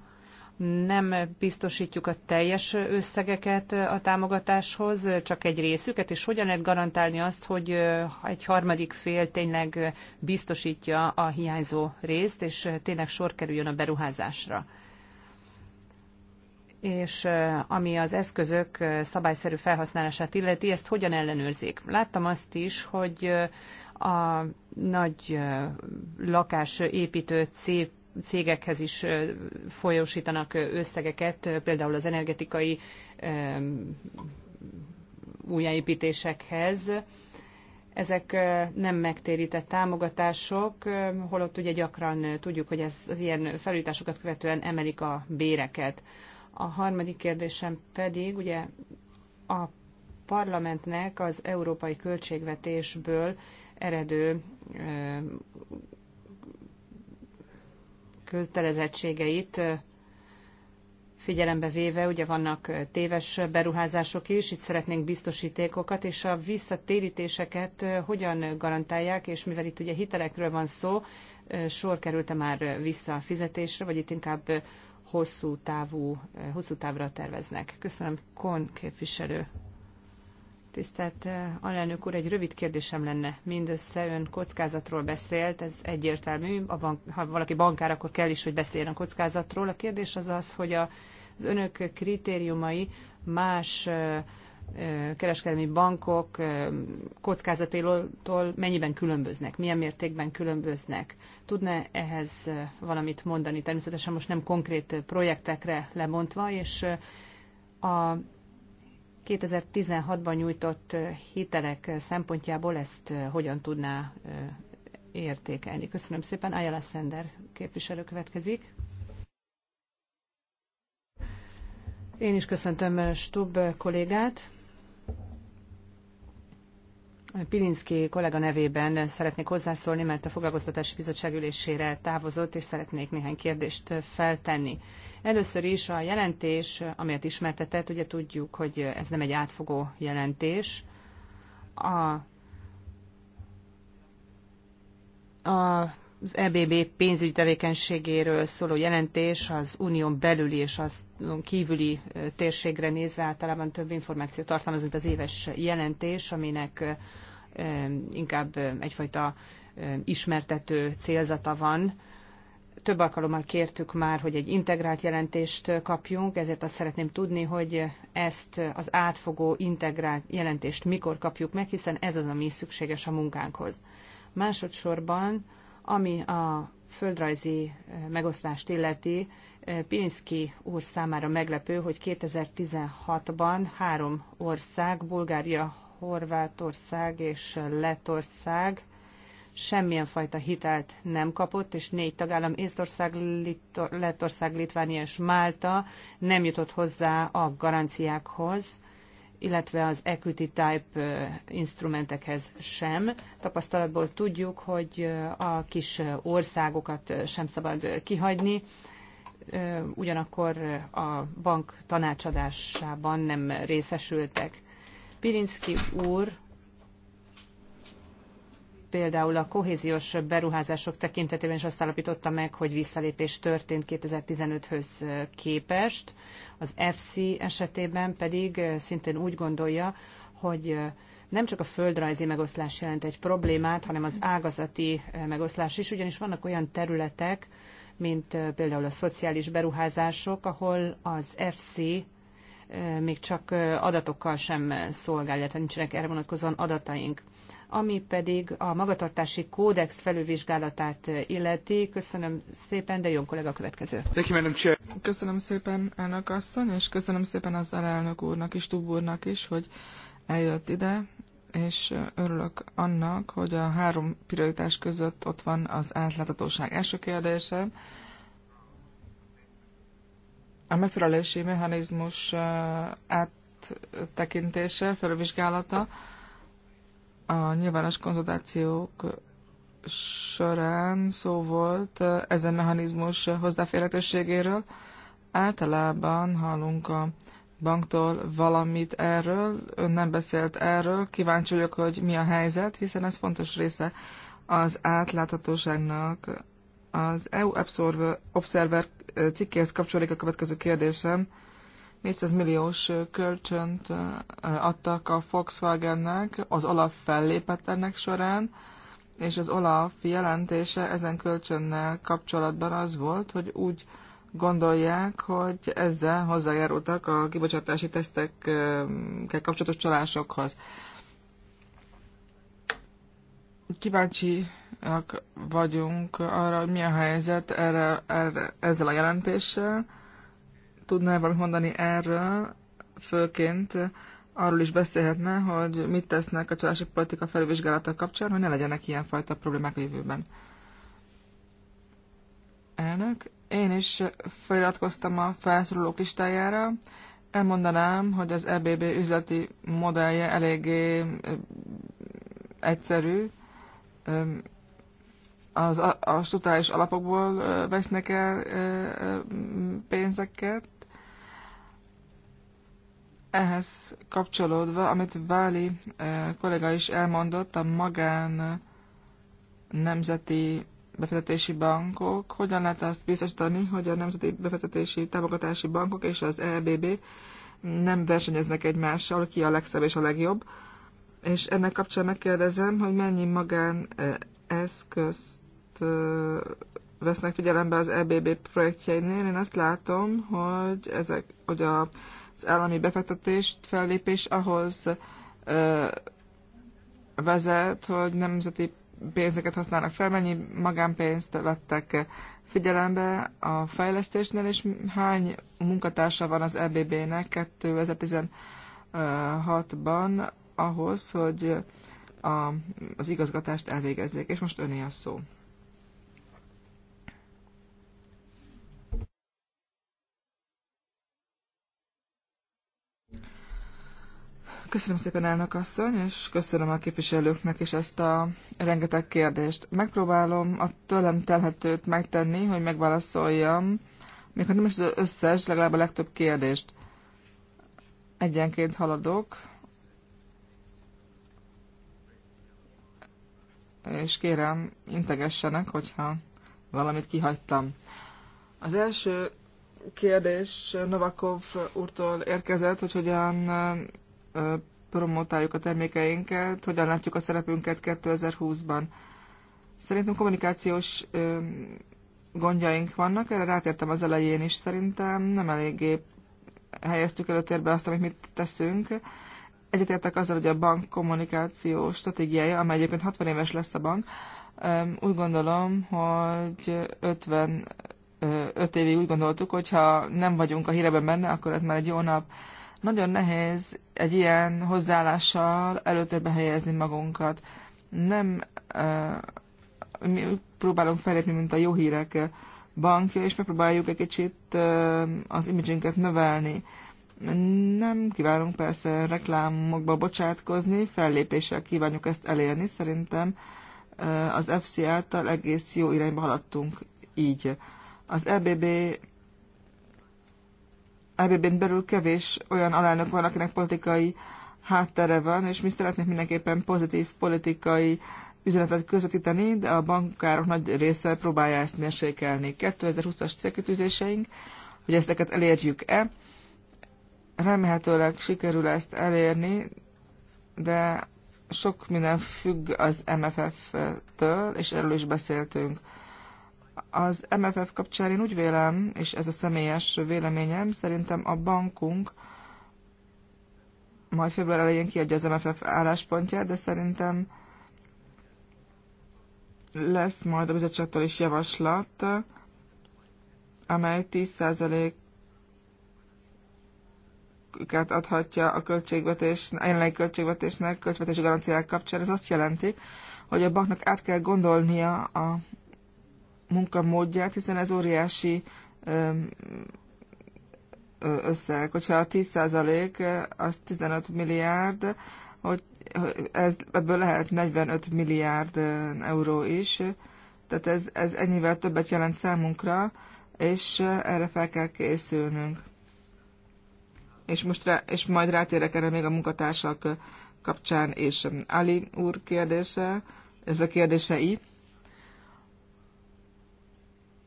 nem biztosítjuk a teljes összegeket a támogatáshoz, csak egy részüket, és hogyan lehet garantálni azt, hogy egy harmadik fél tényleg biztosítja a hiányzó részt, és tényleg sor kerüljön a beruházásra. És ami az eszközök szabályszerű felhasználását illeti, ezt hogyan ellenőrzik? Láttam azt is, hogy a nagy lakásépítő cég cégekhez is folyósítanak összegeket, például az energetikai újjáépítésekhez. Ezek nem megtérített támogatások, holott ugye gyakran tudjuk, hogy ez, az ilyen felújításokat követően emelik a béreket. A harmadik kérdésem pedig, ugye a parlamentnek az európai költségvetésből eredő kötelezettségeit figyelembe véve, ugye vannak téves beruházások is, itt szeretnénk biztosítékokat, és a visszatérítéseket hogyan garantálják, és mivel itt ugye hitelekről van szó, sor került-e már fizetésre vagy itt inkább hosszú, távú, hosszú távra terveznek. Köszönöm, Kon képviselő. Tisztelt eh, alelnök úr, egy rövid kérdésem lenne. Mindössze ön kockázatról beszélt, ez egyértelmű. A bank, ha valaki bankár, akkor kell is, hogy beszéljen a kockázatról. A kérdés az az, hogy a, az önök kritériumai más eh, eh, kereskedelmi bankok kockázatéltól mennyiben különböznek, milyen mértékben különböznek. Tudna ehhez valamit mondani? Természetesen most nem konkrét projektekre lemondva, és a 2016-ban nyújtott hitelek szempontjából ezt hogyan tudná értékelni. Köszönöm szépen. Ayala Sender képviselő következik. Én is köszöntöm Stubb kollégát. Pilinszki kollega nevében szeretnék hozzászólni, mert a Foglalkoztatási Bizottság ülésére távozott, és szeretnék néhány kérdést feltenni. Először is a jelentés, amelyet ismertetett, ugye tudjuk, hogy ez nem egy átfogó jelentés. A az EBB pénzügyi tevékenységéről szóló jelentés az unión belüli és azon kívüli térségre nézve általában több információt tartalmaz, mint az éves jelentés, aminek inkább egyfajta ismertető célzata van. Több alkalommal kértük már, hogy egy integrált jelentést kapjunk, ezért azt szeretném tudni, hogy ezt az átfogó integrált jelentést mikor kapjuk meg, hiszen ez az, ami szükséges a munkánkhoz. Másodszorban, ami a földrajzi megoszlást illeti, Pirinszki úr számára meglepő, hogy 2016-ban három ország, Bulgária, Horvátország és Letország semmilyen fajta hitelt nem kapott, és négy tagállam, Észtország, letország, Lettország, Litvánia és Málta nem jutott hozzá a garanciákhoz, illetve az equity type instrumentekhez sem. Tapasztalatból tudjuk, hogy a kis országokat sem szabad kihagyni, ugyanakkor a bank tanácsadásában nem részesültek. Pirinski úr például a kohéziós beruházások tekintetében is azt állapította meg, hogy visszalépés történt 2015-höz képest. Az FC esetében pedig szintén úgy gondolja, hogy nem csak a földrajzi megoszlás jelent egy problémát, hanem az ágazati megoszlás is, ugyanis vannak olyan területek, mint például a szociális beruházások, ahol az FC még csak adatokkal sem szolgál, illetve nincsenek erre vonatkozóan adataink. Ami pedig a magatartási kódex felülvizsgálatát illeti, köszönöm szépen, de jó kollega következő. Köszönöm szépen elnök asszony, és köszönöm szépen az elnök úrnak és Tub úrnak is, hogy eljött ide, és örülök annak, hogy a három prioritás között ott van az átláthatóság első kérdése a megfelelési mechanizmus áttekintése, felvizsgálata a nyilvános konzultációk során szó volt ezen mechanizmus hozzáférhetőségéről. Általában hallunk a banktól valamit erről, ön nem beszélt erről, kíváncsi vagyok, hogy mi a helyzet, hiszen ez fontos része az átláthatóságnak. Az EU Observer cikkéhez kapcsolódik a következő kérdésem. 400 milliós kölcsönt adtak a Volkswagennek, az Olaf fellépett ennek során, és az Olaf jelentése ezen kölcsönnel kapcsolatban az volt, hogy úgy gondolják, hogy ezzel hozzájárultak a kibocsátási tesztekkel kapcsolatos csalásokhoz. Kíváncsi vagyunk arra, hogy mi a helyzet erre, erre, ezzel a jelentéssel. Tudnál valamit mondani erről, főként arról is beszélhetne, hogy mit tesznek a csalási politika felvizsgálata kapcsán, hogy ne legyenek ilyenfajta problémák a jövőben. Elnök, én is feliratkoztam a felszólalók listájára. Elmondanám, hogy az EBB üzleti modellje eléggé egyszerű, az, a, a struktúrális alapokból vesznek el pénzeket. Ehhez kapcsolódva, amit Váli kollega is elmondott, a magán nemzeti befektetési bankok, hogyan lehet azt biztosítani, hogy a Nemzeti Befektetési Támogatási Bankok és az EBB nem versenyeznek egymással, ki a legszebb és a legjobb. És ennek kapcsán megkérdezem, hogy mennyi magán eszközt vesznek figyelembe az EBB projektjeinél. Én azt látom, hogy, ezek, hogy a az állami befektetés fellépés ahhoz ö, vezet, hogy nemzeti pénzeket használnak fel, mennyi magánpénzt vettek figyelembe a fejlesztésnél, és hány munkatársa van az EBB-nek 2016-ban ahhoz, hogy a, az igazgatást elvégezzék. És most öné a szó. Köszönöm szépen, elnök asszony, és köszönöm a képviselőknek is ezt a rengeteg kérdést. Megpróbálom a tőlem telhetőt megtenni, hogy megválaszoljam, még ha nem is az összes, legalább a legtöbb kérdést. Egyenként haladok. És kérem, integessenek, hogyha valamit kihagytam. Az első kérdés Novakov úrtól érkezett, hogy hogyan promotáljuk a termékeinket, hogyan látjuk a szerepünket 2020-ban. Szerintem kommunikációs gondjaink vannak, erre rátértem az elején is, szerintem nem eléggé helyeztük előtérbe azt, amit mit teszünk. Egyetértek azzal, hogy a bank kommunikáció stratégiája, amely egyébként 60 éves lesz a bank, úgy gondolom, hogy 50 5 évig úgy gondoltuk, hogy ha nem vagyunk a híreben benne, akkor ez már egy jó nap. Nagyon nehéz egy ilyen hozzáállással előtérbe helyezni magunkat. Nem uh, mi próbálunk felépni, mint a jó hírek bankja, és megpróbáljuk egy kicsit uh, az imidzsinket növelni. Nem kívánunk persze reklámokba bocsátkozni, fellépéssel kívánjuk ezt elérni. Szerintem az FC által egész jó irányba haladtunk így. Az EBB EBB-n belül kevés olyan alelnök van, akinek politikai háttere van, és mi szeretnénk mindenképpen pozitív politikai üzenetet közvetíteni, de a bankárok nagy része próbálja ezt mérsékelni. 2020-as célkitűzéseink, hogy ezteket elérjük-e. Remélhetőleg sikerül ezt elérni, de sok minden függ az MFF-től, és erről is beszéltünk. Az MFF kapcsán én úgy vélem, és ez a személyes véleményem, szerintem a bankunk majd február elején kiadja az MFF álláspontját, de szerintem lesz majd a bizottságtól is javaslat, amely 10%-át adhatja a költségvetés, a jelenlegi költségvetésnek költségvetési garanciák kapcsán. Ez azt jelenti, hogy a banknak át kell gondolnia a munkamódját, hiszen ez óriási összeg. Hogyha a 10% az 15 milliárd, hogy ez, ebből lehet 45 milliárd euró is, tehát ez, ez ennyivel többet jelent számunkra, és erre fel kell készülnünk. És, most rá, és majd rátérek erre még a munkatársak kapcsán és Ali úr kérdése, ez a kérdései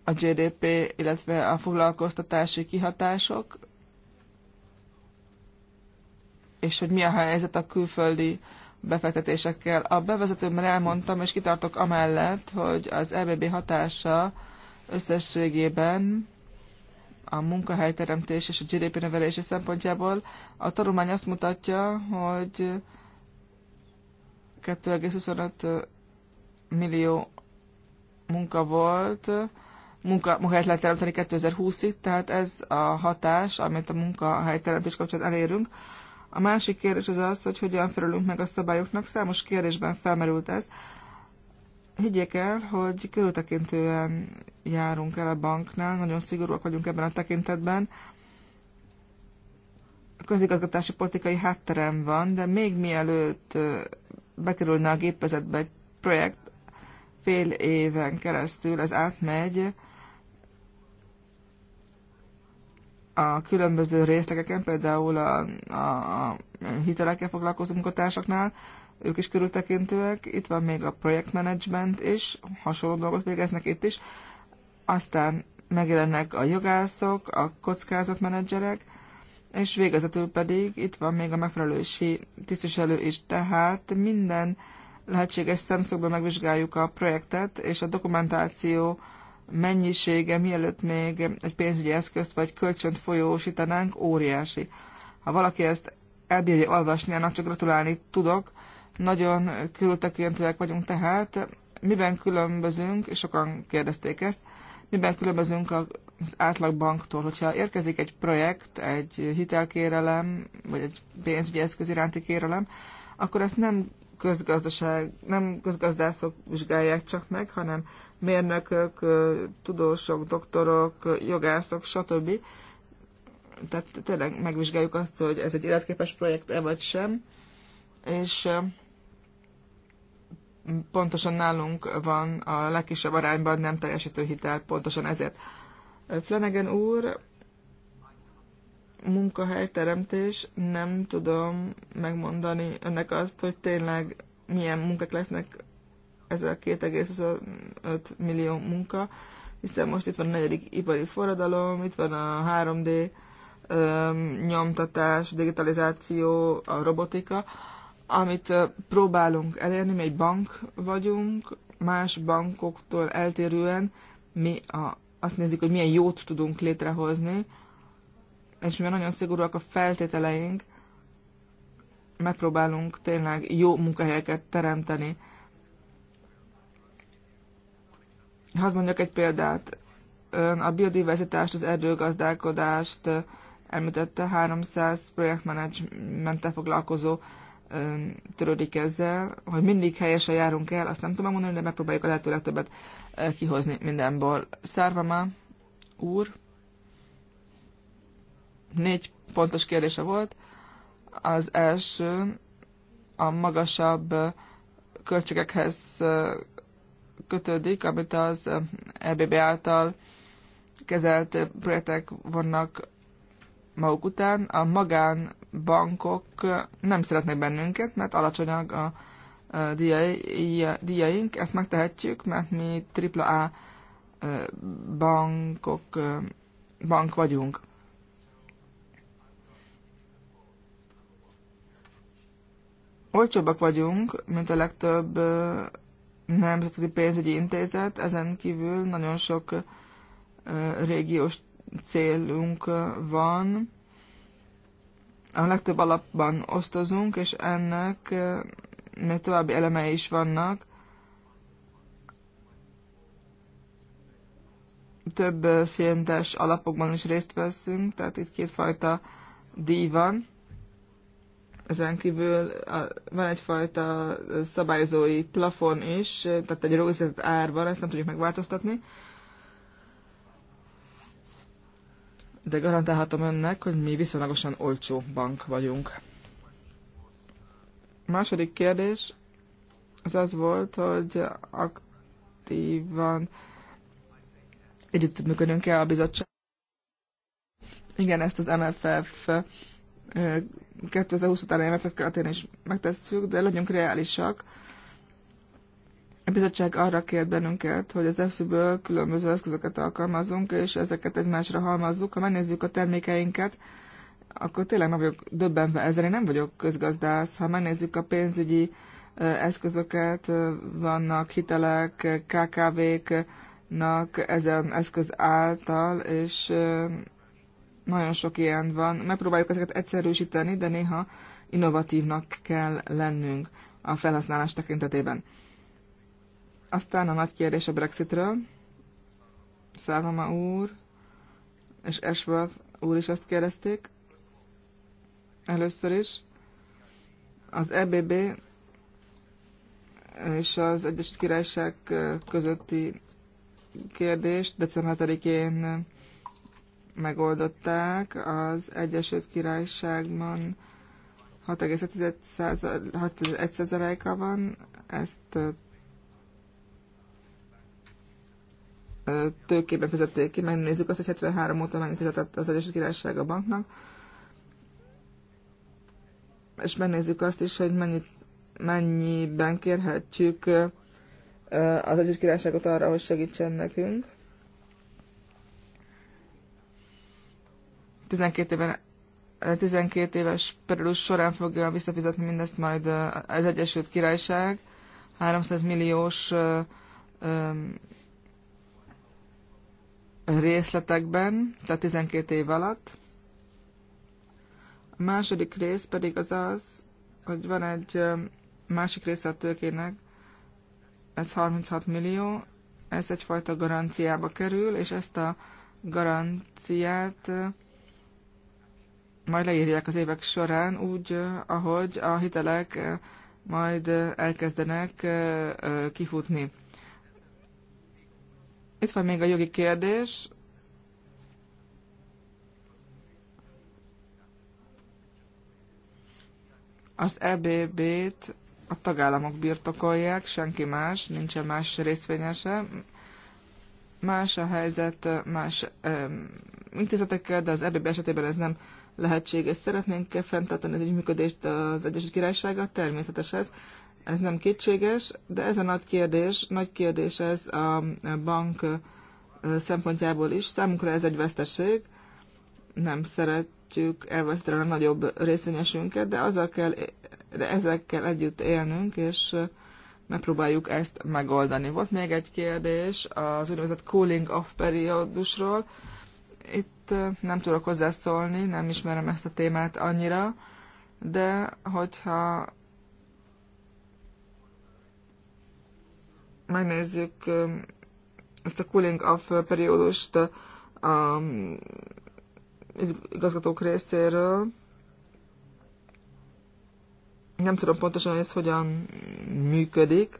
a GDP, illetve a foglalkoztatási kihatások, és hogy mi a helyzet a külföldi befektetésekkel. A bevezetőben elmondtam, és kitartok amellett, hogy az EBB hatása összességében a munkahelyteremtés és a GDP növelési szempontjából a tanulmány azt mutatja, hogy 2,25 millió munka volt, munka, munkahelyet lehet teremteni 2020-ig, tehát ez a hatás, amit a munkahelyteremtés kapcsán elérünk. A másik kérdés az az, hogy hogyan felülünk meg a szabályoknak. Számos kérdésben felmerült ez. Higgyék el, hogy körültekintően járunk el a banknál, nagyon szigorúak vagyunk ebben a tekintetben. A közigazgatási politikai hátterem van, de még mielőtt bekerülne a gépezetbe egy projekt, fél éven keresztül ez átmegy a különböző részlegeken, például a, a, a hitelekkel foglalkozó munkatársaknál, ők is körültekintőek, itt van még a projektmenedzsment is, hasonló dolgot végeznek itt is, aztán megjelennek a jogászok, a kockázatmenedzserek, és végezetül pedig itt van még a megfelelősi tisztviselő is, tehát minden lehetséges szemszögből megvizsgáljuk a projektet, és a dokumentáció mennyisége, mielőtt még egy pénzügyi eszközt vagy kölcsönt folyósítanánk, óriási. Ha valaki ezt elbírja olvasni, annak csak gratulálni tudok. Nagyon körültekintőek vagyunk tehát. Miben különbözünk, és sokan kérdezték ezt, miben különbözünk az átlagbanktól, hogyha érkezik egy projekt, egy hitelkérelem, vagy egy pénzügyi eszköz iránti kérelem, akkor ezt nem közgazdaság, nem közgazdászok vizsgálják csak meg, hanem mérnökök, tudósok, doktorok, jogászok, stb. Tehát tényleg megvizsgáljuk azt, hogy ez egy életképes projekt-e vagy sem, és pontosan nálunk van a legkisebb arányban nem teljesítő hitel, pontosan ezért. Flanagan úr, munkahelyteremtés, nem tudom megmondani önnek azt, hogy tényleg milyen munkák lesznek ez a 2,5 millió munka, hiszen most itt van a negyedik ipari forradalom, itt van a 3D nyomtatás, digitalizáció, a robotika, amit próbálunk elérni, mi egy bank vagyunk, más bankoktól eltérően mi a, azt nézzük, hogy milyen jót tudunk létrehozni, és mivel nagyon szigorúak a feltételeink, megpróbálunk tényleg jó munkahelyeket teremteni. Hadd mondjak egy példát. Ön a biodiverzitást, az erdőgazdálkodást említette, 300 projektmenedzsmenttel foglalkozó törődik ezzel, hogy mindig helyesen járunk el, azt nem tudom mondani, de megpróbáljuk a lehető legtöbbet kihozni mindenből. Szárvama úr, négy pontos kérdése volt. Az első a magasabb költségekhez kötődik, amit az EBB által kezelt projektek vannak maguk után. A magánbankok nem szeretnek bennünket, mert alacsonyak a e, díjaink. Ezt megtehetjük, mert mi AAA e, bankok, e, bank vagyunk. Olcsóbbak vagyunk, mint a legtöbb nemzetközi pénzügyi intézet, ezen kívül nagyon sok régiós célunk van. A legtöbb alapban osztozunk, és ennek még további elemei is vannak. Több szintes alapokban is részt veszünk, tehát itt kétfajta díj van. Ezen kívül a, van egyfajta szabályozói plafon is, tehát egy rögzített ár van, ezt nem tudjuk megváltoztatni. De garantálhatom önnek, hogy mi viszonylagosan olcsó bank vagyunk. A második kérdés az az volt, hogy aktívan együttműködünk-e a bizottság. Igen, ezt az MFF 2020 utáni MFF keretén is megtesszük, de legyünk reálisak. A bizottság arra kért bennünket, hogy az EFSZ-ből különböző eszközöket alkalmazunk, és ezeket egymásra halmazzuk. Ha megnézzük a termékeinket, akkor tényleg nem vagyok döbbenve ezzel. Én nem vagyok közgazdász. Ha megnézzük a pénzügyi eszközöket, vannak hitelek, KKV-knak ezen eszköz által, és nagyon sok ilyen van. Megpróbáljuk ezeket egyszerűsíteni, de néha innovatívnak kell lennünk a felhasználás tekintetében. Aztán a nagy kérdés a Brexitről. Szávama úr és Ashworth úr is ezt kérdezték. Először is. Az EBB és az Egyesült Királyság közötti kérdést december 7-én megoldották. Az Egyesült Királyságban 6,1%-a van, ezt tőkében fizették ki, megnézzük azt, hogy 73 óta mennyit fizetett az Egyesült Királyság a banknak, és megnézzük azt is, hogy mennyit, mennyiben kérhetjük az Egyesült Királyságot arra, hogy segítsen nekünk. 12, éven, 12 éves periódus során fogja visszafizetni mindezt majd eh, az Egyesült Királyság 300 milliós eh, részletekben, tehát 12 év alatt. A második rész pedig az az, hogy van egy eh, másik része a tőkének, ez 36 millió, ez egyfajta garanciába kerül, és ezt a garanciát majd leírják az évek során, úgy, ahogy a hitelek majd elkezdenek kifutni. Itt van még a jogi kérdés. Az EBB-t a tagállamok birtokolják, senki más, nincsen más részvényese. Más a helyzet más ö, intézetekkel, de az EBB esetében ez nem lehetséges. Szeretnénk-e fenntartani az ügyműködést az Egyesült Királysággal? Természetes ez. Ez nem kétséges, de ez a nagy kérdés, nagy kérdés ez a bank szempontjából is. Számunkra ez egy veszteség. Nem szeretjük elveszteni a nagyobb részvényesünket, de, azzal kell, de ezekkel együtt élnünk, és megpróbáljuk ezt megoldani. Volt még egy kérdés az úgynevezett cooling off periódusról. Itt nem tudok hozzászólni, nem ismerem ezt a témát annyira, de hogyha megnézzük ezt a cooling off periódust a mm, igazgatók részéről, nem tudom pontosan, hogy ez hogyan működik.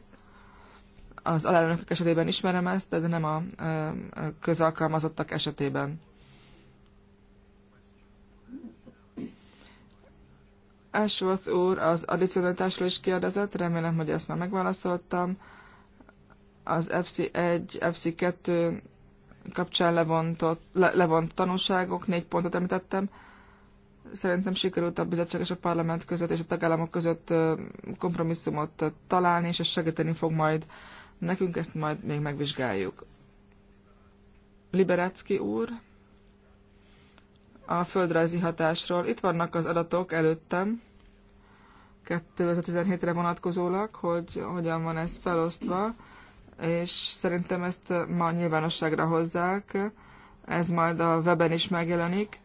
Az alelnökök esetében ismerem ezt, de nem a közalkalmazottak esetében. Ashworth úr az adicionalitásról is kérdezett, remélem, hogy ezt már megválaszoltam. Az FC1, FC2 kapcsán levontott, le, levont tanulságok, négy pontot említettem. Szerintem sikerült a bizottság és a parlament között és a tagállamok között kompromisszumot találni, és ez segíteni fog majd nekünk, ezt majd még megvizsgáljuk. Liberácki úr a földrajzi hatásról. Itt vannak az adatok előttem. 2017-re vonatkozólag, hogy hogyan van ez felosztva, és szerintem ezt ma nyilvánosságra hozzák, ez majd a weben is megjelenik.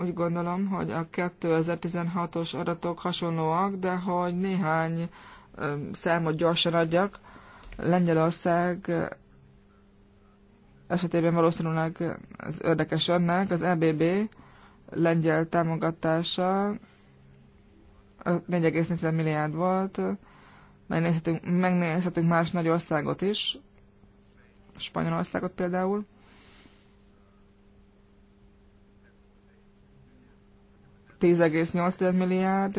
Úgy gondolom, hogy a 2016-os adatok hasonlóak, de hogy néhány számot gyorsan adjak. Lengyelország esetében valószínűleg az érdekes önnek, az EBB lengyel támogatása 4,4 milliárd volt. Megnézhetünk, megnézhetünk más nagy országot is, Spanyolországot például. ,8 milliárd,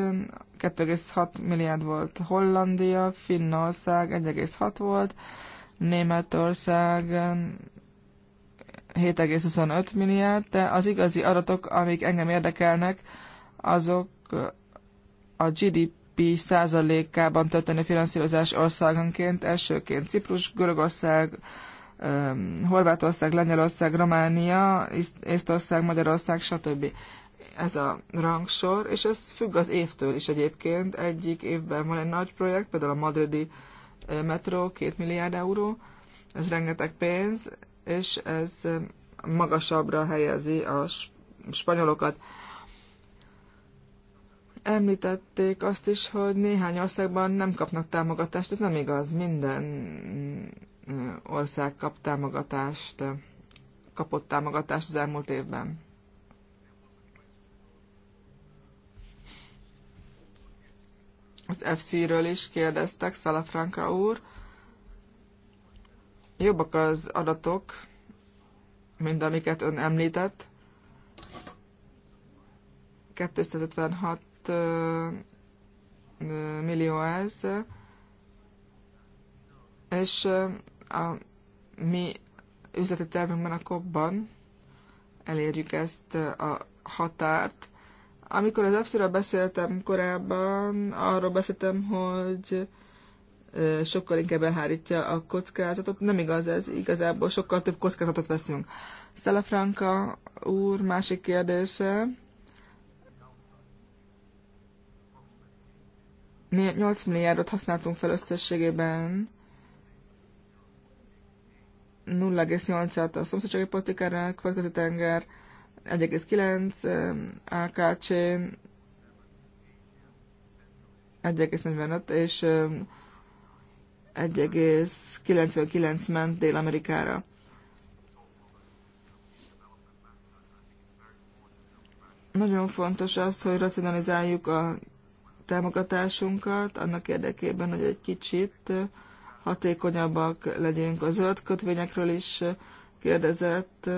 2,6 milliárd volt Hollandia, Finnország 1,6 volt, Németország 7,25 milliárd, de az igazi adatok, amik engem érdekelnek, azok a GDP százalékában történő finanszírozás országonként, elsőként Ciprus, Görögország, Horvátország, Lengyelország, Románia, Észtország, Magyarország, stb. Ez a rangsor, és ez függ az évtől is egyébként. Egyik évben van egy nagy projekt, például a madridi metró, két milliárd euró, ez rengeteg pénz, és ez magasabbra helyezi a spanyolokat. Említették azt is, hogy néhány országban nem kapnak támogatást. Ez nem igaz. Minden ország kap támogatást, kapott támogatást az elmúlt évben. Az FC-ről is kérdeztek, Szalafranka úr. Jobbak az adatok, mint amiket ön említett. 256 millió ez, és a mi üzleti tervünkben a kobban elérjük ezt a határt. Amikor az efsz beszéltem korábban, arról beszéltem, hogy sokkal inkább elhárítja a kockázatot. Nem igaz ez, igazából sokkal több kockázatot veszünk. Szelefranka úr másik kérdése 8 milliárdot használtunk fel összességében, 0,8-at a szomszédsági politikára, a következő tenger 1,9, AKC 1,45 és 1,99 ment Dél-Amerikára. Nagyon fontos az, hogy racionalizáljuk a támogatásunkat annak érdekében, hogy egy kicsit hatékonyabbak legyünk. A zöld kötvényekről is kérdezett,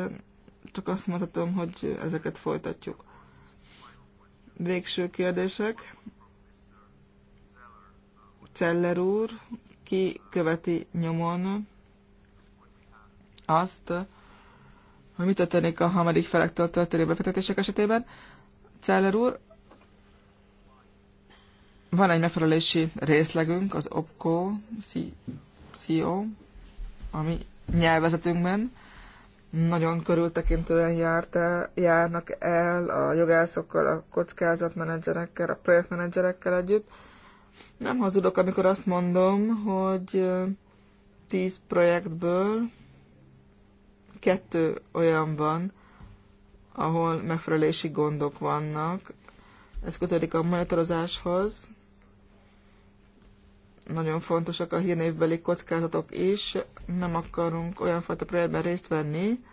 csak azt mondhatom, hogy ezeket folytatjuk. Végső kérdések. Celler úr, ki követi nyomon azt, hogy mi történik a harmadik felektől történő befektetések esetében. Celler úr, van egy megfelelési részlegünk, az OPCO CEO, ami nyelvezetünkben nagyon körültekintően el járnak el a jogászokkal, a kockázatmenedzserekkel, a projektmenedzserekkel együtt. Nem hazudok, amikor azt mondom, hogy 10 projektből kettő olyan van, ahol megfelelési gondok vannak. Ez kötődik a monitorozáshoz, nagyon fontosak a hírnévbeli kockázatok is. Nem akarunk olyan fajta projektben részt venni,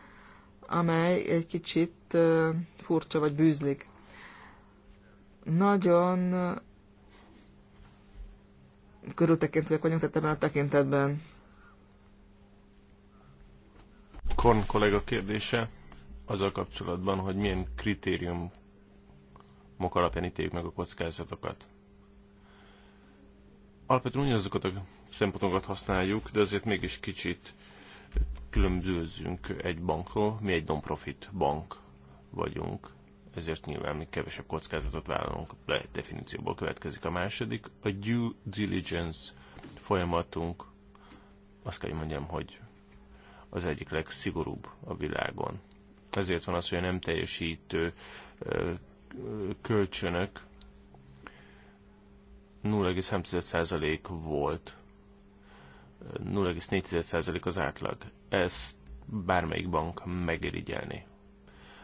amely egy kicsit furcsa vagy bűzlik. Nagyon körültekintőek vagyunk, tehát ebben a tekintetben. Korn kollega kérdése azzal kapcsolatban, hogy milyen kritérium alapján ítéljük meg a kockázatokat. Alapvetően ugyanazokat a szempontokat használjuk, de azért mégis kicsit különbözünk egy bankról. Mi egy non-profit bank vagyunk, ezért nyilván mi kevesebb kockázatot vállalunk, de definícióból következik a második. A due diligence folyamatunk, azt kell, hogy mondjam, hogy az egyik legszigorúbb a világon. Ezért van az, hogy a nem teljesítő kölcsönök 0,3% volt, 0,4% az átlag. Ezt bármelyik bank megirigyelni.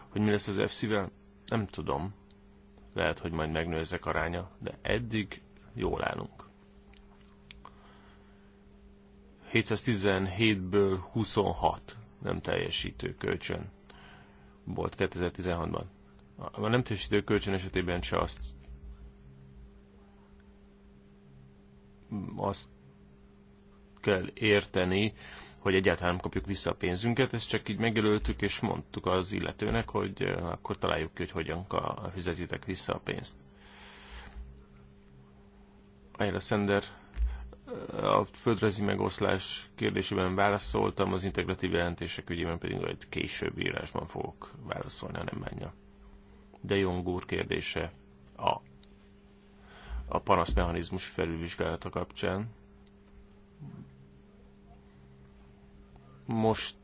Hogy mi lesz az FC-vel, nem tudom. Lehet, hogy majd megnő ezek aránya, de eddig jól állunk. 717-ből 26 nem teljesítő kölcsön volt 2016-ban. A nem teljesítő kölcsön esetében se azt azt kell érteni, hogy egyáltalán nem kapjuk vissza a pénzünket, ezt csak így megjelöltük, és mondtuk az illetőnek, hogy eh, akkor találjuk ki, hogy hogyan fizetitek vissza a pénzt. Ayla Sender eh, a földrajzi megoszlás kérdésében válaszoltam, az integratív jelentések ügyében pedig egy később írásban fogok válaszolni a menja. De Jong úr kérdése a a panaszmechanizmus felülvizsgálata kapcsán. Most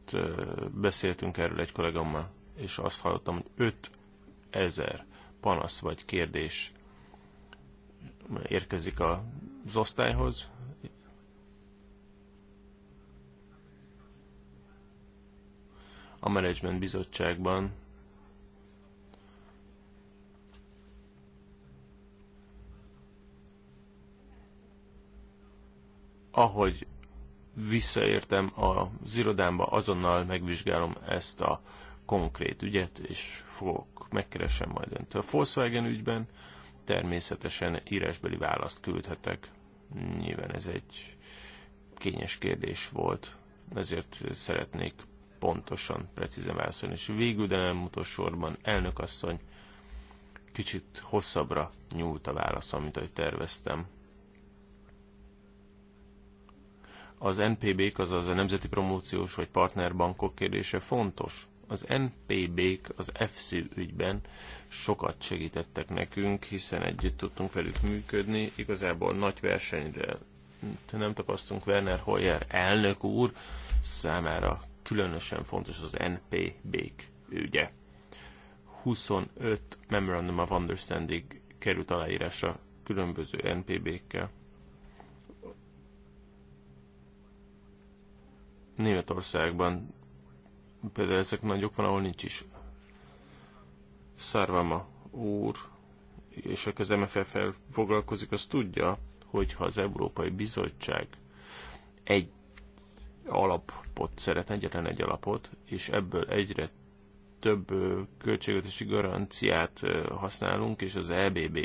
beszéltünk erről egy kollégámmal, és azt hallottam, hogy 5000 panasz vagy kérdés érkezik az osztályhoz, a menedzsment bizottságban ahogy visszaértem az irodámba, azonnal megvizsgálom ezt a konkrét ügyet, és fogok, megkeresem majd önt. A Volkswagen ügyben természetesen írásbeli választ küldhetek. Nyilván ez egy kényes kérdés volt, ezért szeretnék pontosan, precízen válaszolni. És végül, de nem utolsóban, elnök asszony kicsit hosszabbra nyúlt a válasz, amit ahogy terveztem. Az NPB-k, azaz a Nemzeti Promóciós vagy Partnerbankok kérdése fontos. Az NPB-k az FC ügyben sokat segítettek nekünk, hiszen együtt tudtunk velük működni. Igazából nagy versenyre nem tapasztunk Werner Hoyer elnök úr számára különösen fontos az NPB-k ügye. 25 Memorandum of Understanding került aláírásra különböző NPB-kkel. Németországban például ezek nagyok van, ahol nincs is. Szárvama úr, és aki az mff foglalkozik, az tudja, hogy ha az Európai Bizottság egy alapot szeretne, egyetlen egy alapot, és ebből egyre több költségvetési garanciát használunk, és az EBB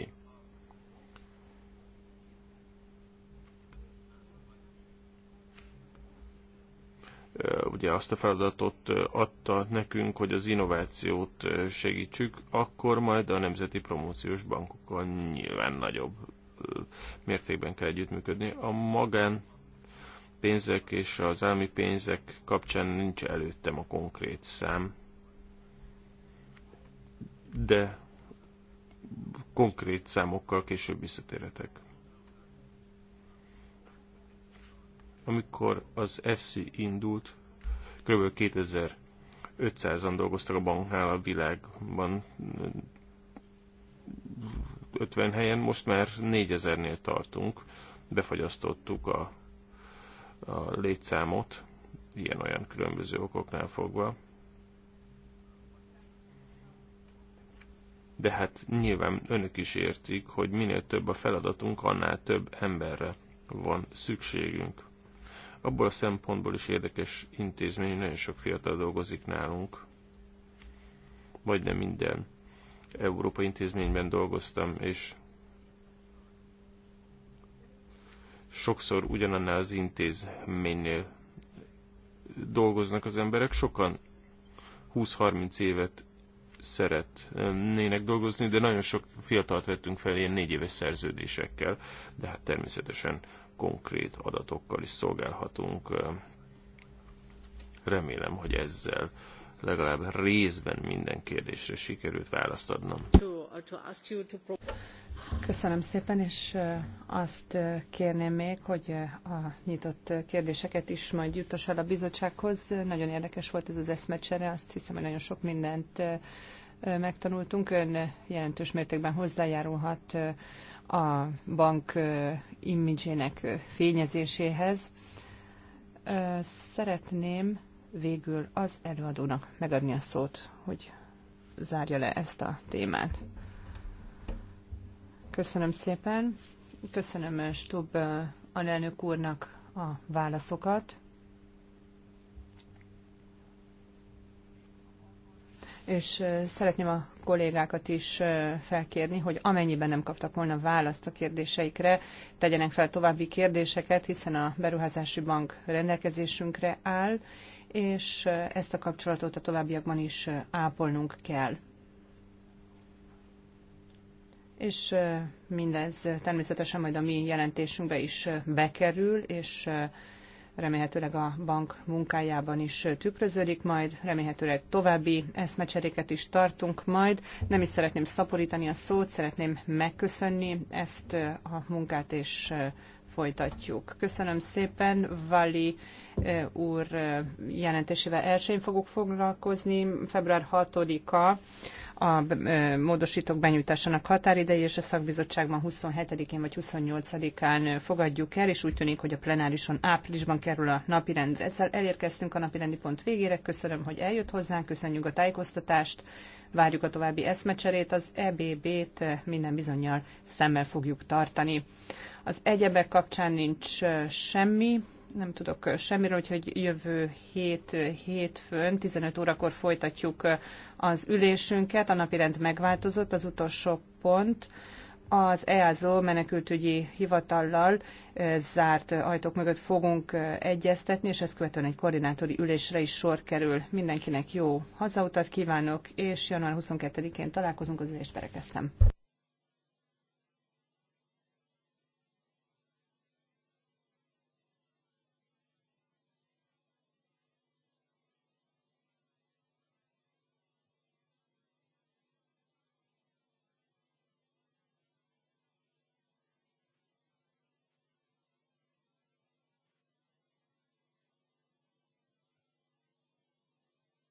ugye azt a feladatot adta nekünk, hogy az innovációt segítsük, akkor majd a nemzeti promóciós bankokkal nyilván nagyobb mértékben kell együttműködni. A magán pénzek és az állami pénzek kapcsán nincs előttem a konkrét szám, de konkrét számokkal később visszatérhetek. Amikor az FC indult, kb. 2500-an dolgoztak a banknál a világban, 50 helyen, most már 4000-nél tartunk, befagyasztottuk a, a létszámot, ilyen-olyan különböző okoknál fogva. De hát nyilván önök is értik, hogy minél több a feladatunk, annál több emberre van szükségünk. Abból a szempontból is érdekes intézmény, hogy nagyon sok fiatal dolgozik nálunk, vagy nem minden európai intézményben dolgoztam, és sokszor ugyanannál az intézménynél dolgoznak az emberek, sokan 20-30 évet szeretnének dolgozni, de nagyon sok fiatalt vettünk fel ilyen négy éves szerződésekkel, de hát természetesen konkrét adatokkal is szolgálhatunk. Remélem, hogy ezzel legalább részben minden kérdésre sikerült választ adnom. Köszönöm szépen, és azt kérném még, hogy a nyitott kérdéseket is majd juttass el a bizottsághoz. Nagyon érdekes volt ez az eszmecsere, azt hiszem, hogy nagyon sok mindent megtanultunk. Ön jelentős mértékben hozzájárulhat a bank imidzsének fényezéséhez. Szeretném végül az előadónak megadni a szót, hogy zárja le ezt a témát. Köszönöm szépen. Köszönöm Stubb alelnök úrnak a válaszokat. és szeretném a kollégákat is felkérni, hogy amennyiben nem kaptak volna választ a kérdéseikre, tegyenek fel további kérdéseket, hiszen a beruházási bank rendelkezésünkre áll, és ezt a kapcsolatot a továbbiakban is ápolnunk kell. És mindez természetesen majd a mi jelentésünkbe is bekerül, és remélhetőleg a bank munkájában is tükröződik majd, remélhetőleg további eszmecseréket is tartunk majd. Nem is szeretném szaporítani a szót, szeretném megköszönni ezt a munkát, és folytatjuk. Köszönöm szépen, Vali úr jelentésével elsőn fogok foglalkozni, február 6-a a módosítók benyújtásának határideje, és a szakbizottságban 27-én vagy 28-án fogadjuk el, és úgy tűnik, hogy a plenárison áprilisban kerül a napirendre. Ezzel elérkeztünk a napirendi pont végére. Köszönöm, hogy eljött hozzánk, köszönjük a tájékoztatást, várjuk a további eszmecserét, az EBB-t minden bizonyal szemmel fogjuk tartani. Az egyebek kapcsán nincs semmi, nem tudok semmiről, úgyhogy jövő hét, hétfőn 15 órakor folytatjuk az ülésünket. A rend megváltozott, az utolsó pont az EASO menekültügyi hivatallal zárt ajtók mögött fogunk egyeztetni, és ezt követően egy koordinátori ülésre is sor kerül. Mindenkinek jó hazautat kívánok, és január 22-én találkozunk, az ülést berekeztem.